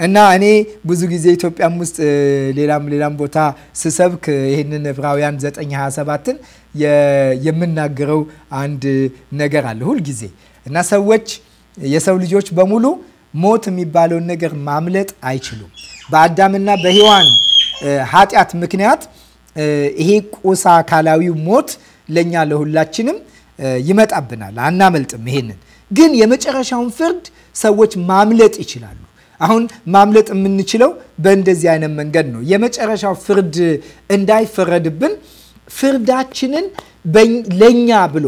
እና እኔ ብዙ ጊዜ ኢትዮጵያም ውስጥ ሌላም ሌላም ቦታ ስሰብክ ይህንን ዕብራውያን 927ን የምናገረው አንድ ነገር አለ ሁልጊዜ እና ሰዎች የሰው ልጆች በሙሉ ሞት የሚባለውን ነገር ማምለጥ አይችሉም። በአዳምና በሔዋን ኃጢአት ምክንያት ይሄ ቁሳ አካላዊው ሞት ለእኛ ለሁላችንም ይመጣብናል፣ አናመልጥም። ይሄንን ግን የመጨረሻውን ፍርድ ሰዎች ማምለጥ ይችላሉ። አሁን ማምለጥ የምንችለው በእንደዚህ አይነት መንገድ ነው። የመጨረሻው ፍርድ እንዳይፈረድብን ፍርዳችንን ለእኛ ብሎ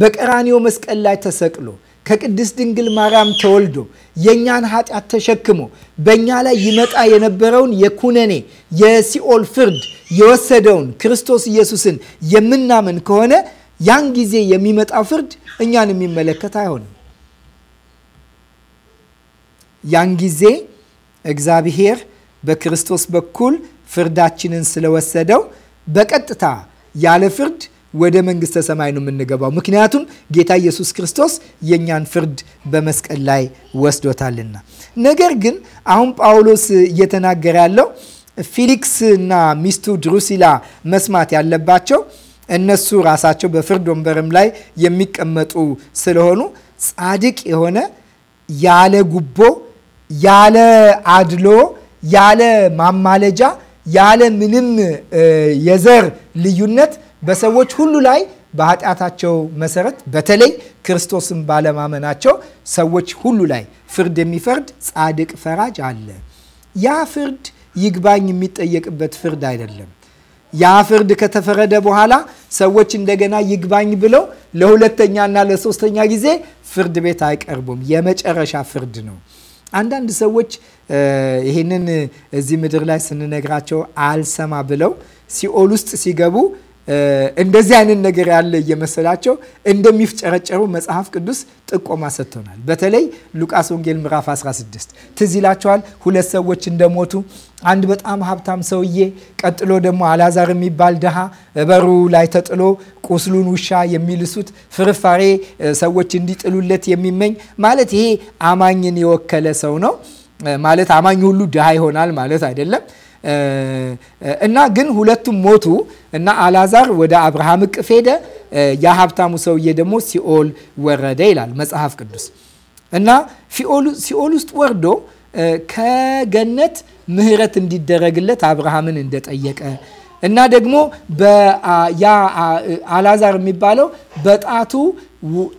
በቀራኒዮ መስቀል ላይ ተሰቅሎ ከቅድስት ድንግል ማርያም ተወልዶ የእኛን ኃጢአት ተሸክሞ በእኛ ላይ ይመጣ የነበረውን የኩነኔ የሲኦል ፍርድ የወሰደውን ክርስቶስ ኢየሱስን የምናምን ከሆነ ያን ጊዜ የሚመጣው ፍርድ እኛን የሚመለከት አይሆንም። ያን ጊዜ እግዚአብሔር በክርስቶስ በኩል ፍርዳችንን ስለወሰደው በቀጥታ ያለ ፍርድ ወደ መንግስተ ሰማይ ነው የምንገባው። ምክንያቱም ጌታ ኢየሱስ ክርስቶስ የእኛን ፍርድ በመስቀል ላይ ወስዶታልና። ነገር ግን አሁን ጳውሎስ እየተናገረ ያለው ፊሊክስ እና ሚስቱ ድሩሲላ መስማት ያለባቸው እነሱ ራሳቸው በፍርድ ወንበርም ላይ የሚቀመጡ ስለሆኑ ጻድቅ የሆነ ያለ ጉቦ ያለ አድሎ፣ ያለ ማማለጃ፣ ያለ ምንም የዘር ልዩነት በሰዎች ሁሉ ላይ በኃጢአታቸው መሰረት በተለይ ክርስቶስን ባለማመናቸው ሰዎች ሁሉ ላይ ፍርድ የሚፈርድ ጻድቅ ፈራጅ አለ። ያ ፍርድ ይግባኝ የሚጠየቅበት ፍርድ አይደለም። ያ ፍርድ ከተፈረደ በኋላ ሰዎች እንደገና ይግባኝ ብለው ለሁለተኛና ለሶስተኛ ጊዜ ፍርድ ቤት አይቀርቡም። የመጨረሻ ፍርድ ነው። አንዳንድ ሰዎች ይህንን እዚህ ምድር ላይ ስንነግራቸው አልሰማ ብለው ሲኦል ውስጥ ሲገቡ እንደዚህ አይነት ነገር ያለ እየመሰላቸው እንደሚፍጨረጨሩ መጽሐፍ ቅዱስ ጥቆማ ሰጥቶናል። በተለይ ሉቃስ ወንጌል ምዕራፍ 16 ትዝ ይላቸዋል። ሁለት ሰዎች እንደሞቱ አንድ በጣም ሀብታም ሰውዬ፣ ቀጥሎ ደግሞ አላዛር የሚባል ድሃ በሩ ላይ ተጥሎ ቁስሉን ውሻ የሚልሱት ፍርፋሬ ሰዎች እንዲጥሉለት የሚመኝ ማለት ይሄ አማኝን የወከለ ሰው ነው ማለት አማኝ ሁሉ ድሃ ይሆናል ማለት አይደለም። እና ግን ሁለቱም ሞቱ እና አላዛር ወደ አብርሃም እቅፍ ሄደ፣ የሀብታሙ ሰውዬ ደግሞ ሲኦል ወረደ ይላል መጽሐፍ ቅዱስ እና ሲኦል ውስጥ ወርዶ ከገነት ምሕረት እንዲደረግለት አብርሃምን እንደጠየቀ እና ደግሞ ያ አላዛር የሚባለው በጣቱ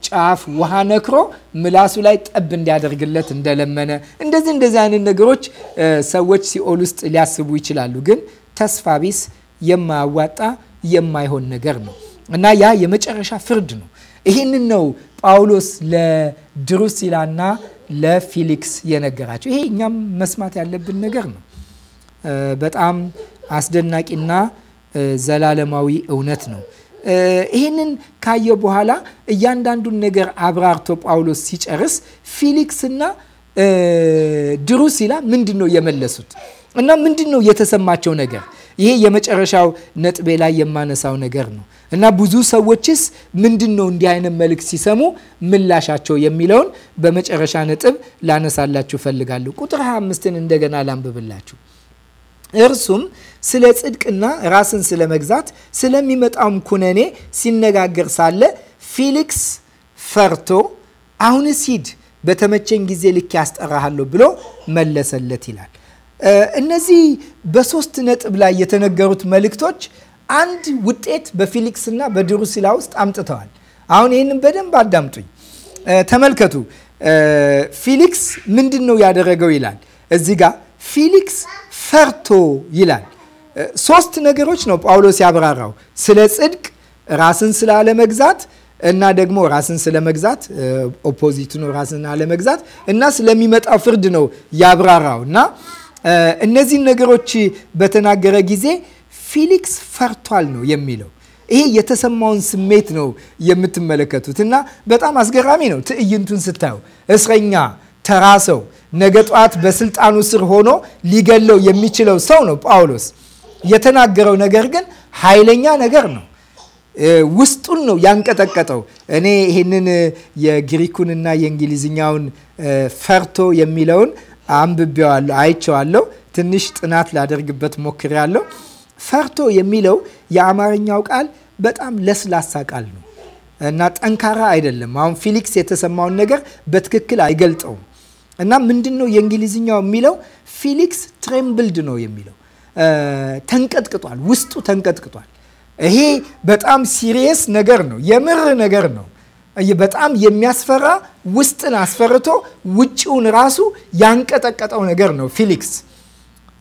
ጫፍ ውሃ ነክሮ ምላሱ ላይ ጠብ እንዲያደርግለት እንደለመነ እንደዚህ እንደዚህ አይነት ነገሮች ሰዎች ሲኦል ውስጥ ሊያስቡ ይችላሉ። ግን ተስፋ ቢስ የማያዋጣ የማይሆን ነገር ነው እና ያ የመጨረሻ ፍርድ ነው። ይህንን ነው ጳውሎስ ለድሩሲላና ለፊሊክስ የነገራቸው። ይሄ እኛም መስማት ያለብን ነገር ነው። በጣም አስደናቂና ዘላለማዊ እውነት ነው። ይህንን ካየ በኋላ እያንዳንዱን ነገር አብራርቶ ጳውሎስ ሲጨርስ ፊሊክስና ድሩሲላ ምንድን ነው የመለሱት እና ምንድን ነው የተሰማቸው ነገር? ይሄ የመጨረሻው ነጥቤ ላይ የማነሳው ነገር ነው እና ብዙ ሰዎችስ ምንድን ነው እንዲህ አይነት መልእክት ሲሰሙ ምላሻቸው የሚለውን በመጨረሻ ነጥብ ላነሳላችሁ ፈልጋለሁ። ቁጥር 25ን እንደገና ላንብብላችሁ። እርሱም ስለ ጽድቅና ራስን ስለ መግዛት ስለሚመጣውም ኩነኔ ሲነጋገር ሳለ ፊሊክስ ፈርቶ አሁንስ ሂድ በተመቸኝ ጊዜ ልክ ያስጠራሃለሁ ብሎ መለሰለት ይላል። እነዚህ በሶስት ነጥብ ላይ የተነገሩት መልእክቶች አንድ ውጤት በፊሊክስና በድሩሲላ ውስጥ አምጥተዋል። አሁን ይህንም በደንብ አዳምጡኝ፣ ተመልከቱ። ፊሊክስ ምንድን ነው ያደረገው ይላል። እዚህ ጋር ፊሊክስ ፈርቶ ይላል። ሶስት ነገሮች ነው ጳውሎስ ያብራራው ስለ ጽድቅ፣ ራስን ስላለመግዛት እና ደግሞ ራስን ስለመግዛት ኦፖዚት ነው ራስን አለመግዛት እና ስለሚመጣው ፍርድ ነው ያብራራው እና እነዚህን ነገሮች በተናገረ ጊዜ ፊሊክስ ፈርቷል ነው የሚለው። ይሄ የተሰማውን ስሜት ነው የምትመለከቱት እና በጣም አስገራሚ ነው ትዕይንቱን ስታዩ እስረኛ ተራ ሰው ነገ ጠዋት በስልጣኑ ስር ሆኖ ሊገለው የሚችለው ሰው ነው ጳውሎስ የተናገረው ነገር ግን ኃይለኛ ነገር ነው። ውስጡን ነው ያንቀጠቀጠው። እኔ ይህንን የግሪኩንና የእንግሊዝኛውን ፈርቶ የሚለውን አንብቤዋለሁ፣ አይቼዋለሁ። ትንሽ ጥናት ላደርግበት ሞክሬያለሁ። ፈርቶ የሚለው የአማርኛው ቃል በጣም ለስላሳ ቃል ነው እና ጠንካራ አይደለም። አሁን ፊሊክስ የተሰማውን ነገር በትክክል አይገልጠውም እና ምንድን ነው የእንግሊዝኛው የሚለው ፊሊክስ ትሬምብልድ ነው የሚለው ተንቀጥቅጧል፣ ውስጡ ተንቀጥቅጧል። ይሄ በጣም ሲሪየስ ነገር ነው፣ የምር ነገር ነው። በጣም የሚያስፈራ ውስጥን አስፈርቶ ውጭውን ራሱ ያንቀጠቀጠው ነገር ነው ፊሊክስ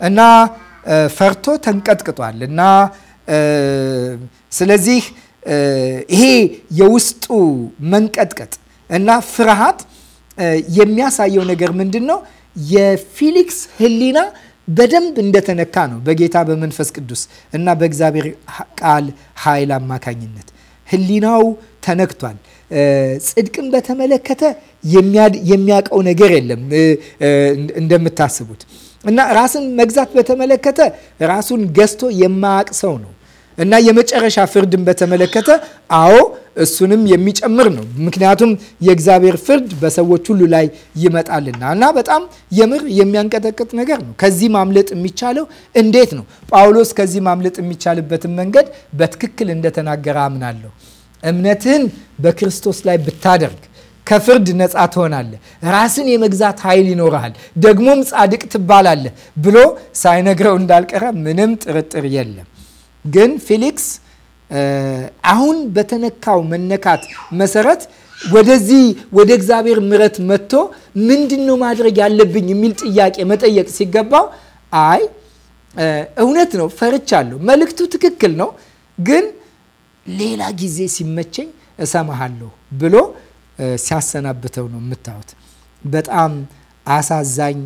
እና ፈርቶ ተንቀጥቅጧል እና ስለዚህ ይሄ የውስጡ መንቀጥቀጥ እና ፍርሃት የሚያሳየው ነገር ምንድን ነው? የፊሊክስ ህሊና በደንብ እንደተነካ ነው በጌታ በመንፈስ ቅዱስ እና በእግዚአብሔር ቃል ኃይል አማካኝነት ህሊናው ተነክቷል። ጽድቅን በተመለከተ የሚያውቀው ነገር የለም እንደምታስቡት እና ራስን መግዛት በተመለከተ ራሱን ገዝቶ የማያውቅ ሰው ነው። እና የመጨረሻ ፍርድን በተመለከተ አዎ እሱንም የሚጨምር ነው። ምክንያቱም የእግዚአብሔር ፍርድ በሰዎች ሁሉ ላይ ይመጣልና እና በጣም የምር የሚያንቀጠቅጥ ነገር ነው። ከዚህ ማምለጥ የሚቻለው እንዴት ነው? ጳውሎስ ከዚህ ማምለጥ የሚቻልበትን መንገድ በትክክል እንደተናገረ አምናለሁ። እምነትህን በክርስቶስ ላይ ብታደርግ ከፍርድ ነፃ ትሆናለህ። ራስን የመግዛት ኃይል ይኖርሃል። ደግሞም ጻድቅ ትባላለህ ብሎ ሳይነግረው እንዳልቀረ ምንም ጥርጥር የለም። ግን ፊሊክስ አሁን በተነካው መነካት መሰረት ወደዚህ ወደ እግዚአብሔር ምረት መጥቶ ምንድን ነው ማድረግ ያለብኝ የሚል ጥያቄ መጠየቅ ሲገባው አይ እውነት ነው ፈርቻለሁ፣ መልእክቱ ትክክል ነው፣ ግን ሌላ ጊዜ ሲመቸኝ እሰማሃለሁ ብሎ ሲያሰናብተው ነው የምታዩት። በጣም አሳዛኝ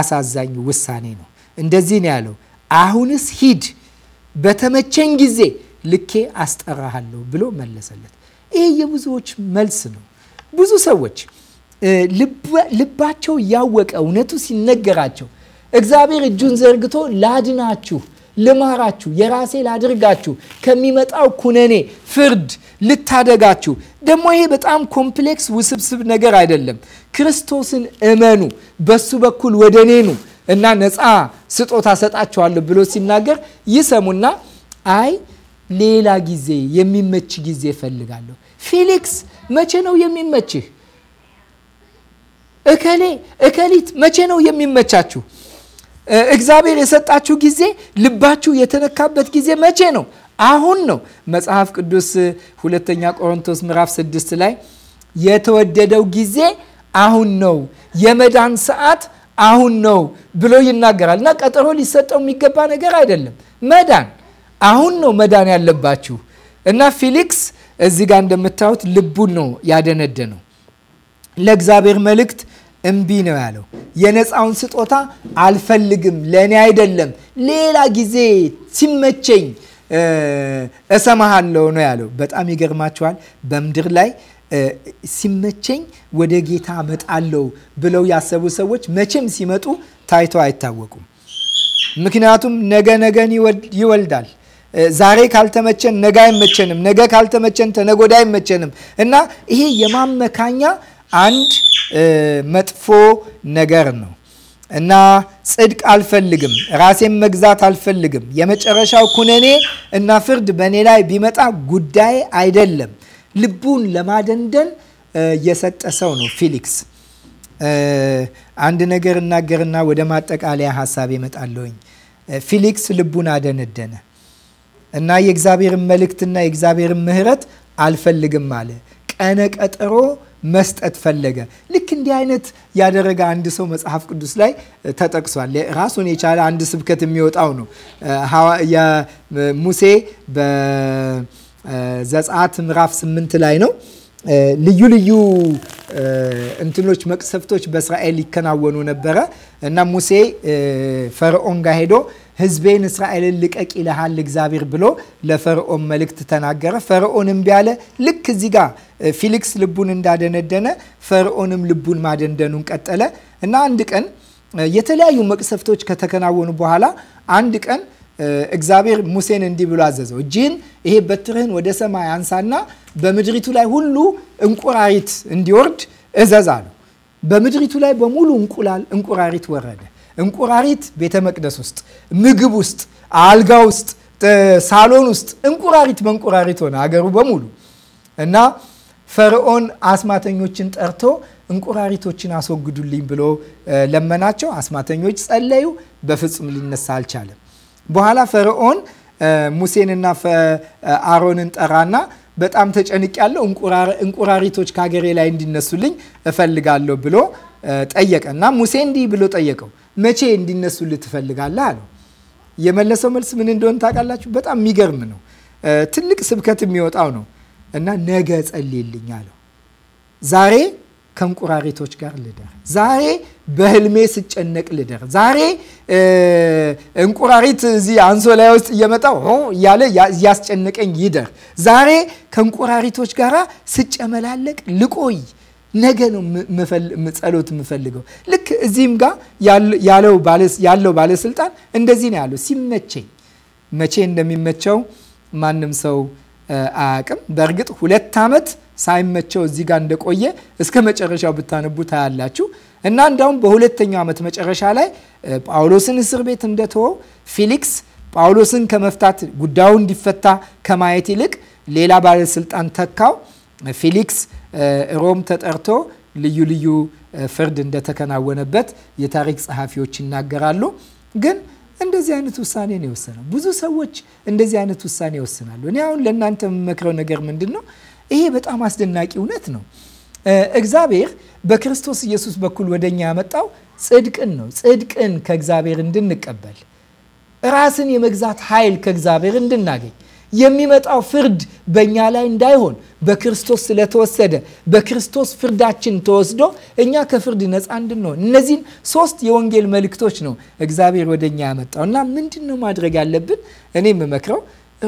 አሳዛኝ ውሳኔ ነው። እንደዚህ ነው ያለው፣ አሁንስ ሂድ በተመቸኝ ጊዜ ልኬ አስጠራሃለሁ ብሎ መለሰለት። ይሄ የብዙዎች መልስ ነው። ብዙ ሰዎች ልባቸው ያወቀ እውነቱ ሲነገራቸው እግዚአብሔር እጁን ዘርግቶ ላድናችሁ፣ ልማራችሁ፣ የራሴ ላድርጋችሁ፣ ከሚመጣው ኩነኔ ፍርድ ልታደጋችሁ። ደግሞ ይሄ በጣም ኮምፕሌክስ ውስብስብ ነገር አይደለም። ክርስቶስን እመኑ፣ በሱ በኩል ወደ እኔ ኑ እና ነፃ ስጦታ ሰጣችኋለሁ ብሎ ሲናገር ይሰሙና አይ ሌላ ጊዜ የሚመች ጊዜ እፈልጋለሁ። ፊሊክስ መቼ ነው የሚመችህ? እከሌ እከሊት መቼ ነው የሚመቻችሁ? እግዚአብሔር የሰጣችሁ ጊዜ፣ ልባችሁ የተነካበት ጊዜ መቼ ነው? አሁን ነው። መጽሐፍ ቅዱስ ሁለተኛ ቆሮንቶስ ምዕራፍ ስድስት ላይ የተወደደው ጊዜ አሁን ነው፣ የመዳን ሰዓት አሁን ነው ብሎ ይናገራል እና ቀጠሮ ሊሰጠው የሚገባ ነገር አይደለም። መዳን አሁን ነው መዳን ያለባችሁ እና ፊሊክስ እዚህ ጋር እንደምታዩት ልቡን ነው ያደነደነው። ለእግዚአብሔር መልእክት እምቢ ነው ያለው። የነፃውን ስጦታ አልፈልግም፣ ለእኔ አይደለም፣ ሌላ ጊዜ ሲመቸኝ እሰማሃለሁ ነው ያለው። በጣም ይገርማችኋል በምድር ላይ ሲመቸኝ ወደ ጌታ መጣለው ብለው ያሰቡ ሰዎች መቼም ሲመጡ ታይቶ አይታወቁም። ምክንያቱም ነገ ነገን ይወልዳል። ዛሬ ካልተመቸን ነገ አይመቸንም፣ ነገ ካልተመቸን ተነጎዳ አይመቸንም እና ይሄ የማመካኛ አንድ መጥፎ ነገር ነው እና ጽድቅ አልፈልግም፣ ራሴን መግዛት አልፈልግም። የመጨረሻው ኩነኔ እና ፍርድ በእኔ ላይ ቢመጣ ጉዳይ አይደለም ልቡን ለማደንደን የሰጠ ሰው ነው ፊሊክስ። አንድ ነገር እናገርና ወደ ማጠቃለያ ሀሳብ ይመጣለውኝ። ፊሊክስ ልቡን አደነደነ እና የእግዚአብሔርን መልእክትና የእግዚአብሔርን ምሕረት አልፈልግም አለ። ቀነ ቀጠሮ መስጠት ፈለገ። ልክ እንዲህ አይነት ያደረገ አንድ ሰው መጽሐፍ ቅዱስ ላይ ተጠቅሷል። ራሱን የቻለ አንድ ስብከት የሚወጣው ነው ሙሴ ዘጸአት ምዕራፍ ስምንት ላይ ነው። ልዩ ልዩ እንትኖች መቅሰፍቶች በእስራኤል ይከናወኑ ነበረ እና ሙሴ ፈርዖን ጋር ሄዶ ህዝቤን እስራኤልን ልቀቅ ይልሃል እግዚአብሔር ብሎ ለፈርዖን መልእክት ተናገረ። ፈርዖን እምቢ አለ። ልክ እዚህ ጋር ፊሊክስ ልቡን እንዳደነደነ ፈርዖንም ልቡን ማደንደኑን ቀጠለ እና አንድ ቀን የተለያዩ መቅሰፍቶች ከተከናወኑ በኋላ አንድ ቀን እግዚአብሔር ሙሴን እንዲህ ብሎ አዘዘው። እጅህን ይሄ በትርህን ወደ ሰማይ አንሳና በምድሪቱ ላይ ሁሉ እንቁራሪት እንዲወርድ እዘዝ አሉ። በምድሪቱ ላይ በሙሉ እንቁላል እንቁራሪት ወረደ። እንቁራሪት ቤተ መቅደስ ውስጥ፣ ምግብ ውስጥ፣ አልጋ ውስጥ፣ ሳሎን ውስጥ እንቁራሪት በእንቁራሪት ሆነ አገሩ በሙሉ እና ፈርዖን አስማተኞችን ጠርቶ እንቁራሪቶችን አስወግዱልኝ ብሎ ለመናቸው። አስማተኞች ጸለዩ። በፍጹም ሊነሳ አልቻለም። በኋላ ፈርዖን ሙሴንና አሮንን ጠራና በጣም ተጨንቅ ያለው እንቁራሪቶች ከሀገሬ ላይ እንዲነሱልኝ እፈልጋለሁ ብሎ ጠየቀ እና ሙሴ እንዲህ ብሎ ጠየቀው፣ መቼ እንዲነሱልህ ትፈልጋለህ አለው። የመለሰው መልስ ምን እንደሆነ ታውቃላችሁ? በጣም የሚገርም ነው። ትልቅ ስብከት የሚወጣው ነው እና ነገ ጸልይልኝ አለው ዛሬ ከእንቁራሪቶች ጋር ልደር። ዛሬ በህልሜ ስጨነቅ ልደር። ዛሬ እንቁራሪት እዚህ አንሶላ ውስጥ እየመጣ እያለ እያስጨነቀኝ ይደር። ዛሬ ከእንቁራሪቶች ጋር ስጨመላለቅ ልቆይ። ነገ ነው ጸሎት የምፈልገው። ልክ እዚህም ጋር ያለው ባለስልጣን እንደዚህ ነው ያለው። ሲመቸኝ፣ መቼ እንደሚመቸው ማንም ሰው አያውቅም። በእርግጥ ሁለት ዓመት ሳይመቸው እዚህ ጋር እንደቆየ እስከ መጨረሻው ብታነቡ ታያላችሁ። እና እንዳውም በሁለተኛው ዓመት መጨረሻ ላይ ጳውሎስን እስር ቤት እንደተወው ፊሊክስ ጳውሎስን ከመፍታት ጉዳዩ እንዲፈታ ከማየት ይልቅ ሌላ ባለስልጣን ተካው። ፊሊክስ ሮም ተጠርቶ ልዩ ልዩ ፍርድ እንደተከናወነበት የታሪክ ጸሐፊዎች ይናገራሉ። ግን እንደዚህ አይነት ውሳኔ ነው የወሰነው። ብዙ ሰዎች እንደዚህ አይነት ውሳኔ ይወስናሉ። እኔ አሁን ለእናንተ የምመክረው ነገር ምንድን ነው? ይሄ በጣም አስደናቂ እውነት ነው። እግዚአብሔር በክርስቶስ ኢየሱስ በኩል ወደ እኛ ያመጣው ጽድቅን ነው። ጽድቅን ከእግዚአብሔር እንድንቀበል፣ ራስን የመግዛት ኃይል ከእግዚአብሔር እንድናገኝ፣ የሚመጣው ፍርድ በእኛ ላይ እንዳይሆን በክርስቶስ ስለተወሰደ በክርስቶስ ፍርዳችን ተወስዶ እኛ ከፍርድ ነፃ እንድንሆን እነዚህን ሶስት የወንጌል መልእክቶች ነው እግዚአብሔር ወደ እኛ ያመጣው እና ምንድን ነው ማድረግ ያለብን እኔ የምመክረው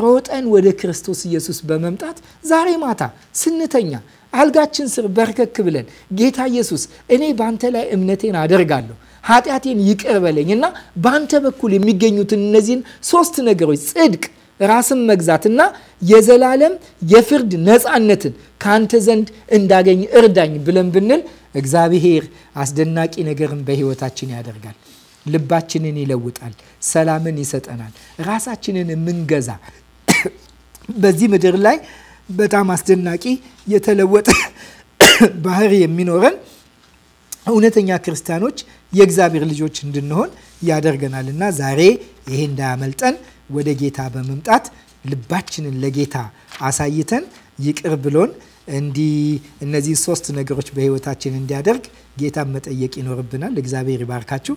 ሮጠን ወደ ክርስቶስ ኢየሱስ በመምጣት ዛሬ ማታ ስንተኛ አልጋችን ስር በርከክ ብለን ጌታ ኢየሱስ እኔ በአንተ ላይ እምነቴን አደርጋለሁ ኃጢአቴን ይቅር በለኝ እና በአንተ በኩል የሚገኙትን እነዚህን ሶስት ነገሮች ጽድቅ፣ ራስን መግዛትና የዘላለም የፍርድ ነፃነትን ከአንተ ዘንድ እንዳገኝ እርዳኝ ብለን ብንል እግዚአብሔር አስደናቂ ነገርን በሕይወታችን ያደርጋል። ልባችንን ይለውጣል። ሰላምን ይሰጠናል። ራሳችንን የምንገዛ በዚህ ምድር ላይ በጣም አስደናቂ የተለወጠ ባህሪ የሚኖረን እውነተኛ ክርስቲያኖች የእግዚአብሔር ልጆች እንድንሆን ያደርገናል እና ዛሬ ይሄ እንዳያመልጠን ወደ ጌታ በመምጣት ልባችንን ለጌታ አሳይተን ይቅር ብሎን እንዲህ እነዚህ ሶስት ነገሮች በህይወታችን እንዲያደርግ ጌታን መጠየቅ ይኖርብናል። እግዚአብሔር ይባርካችሁ።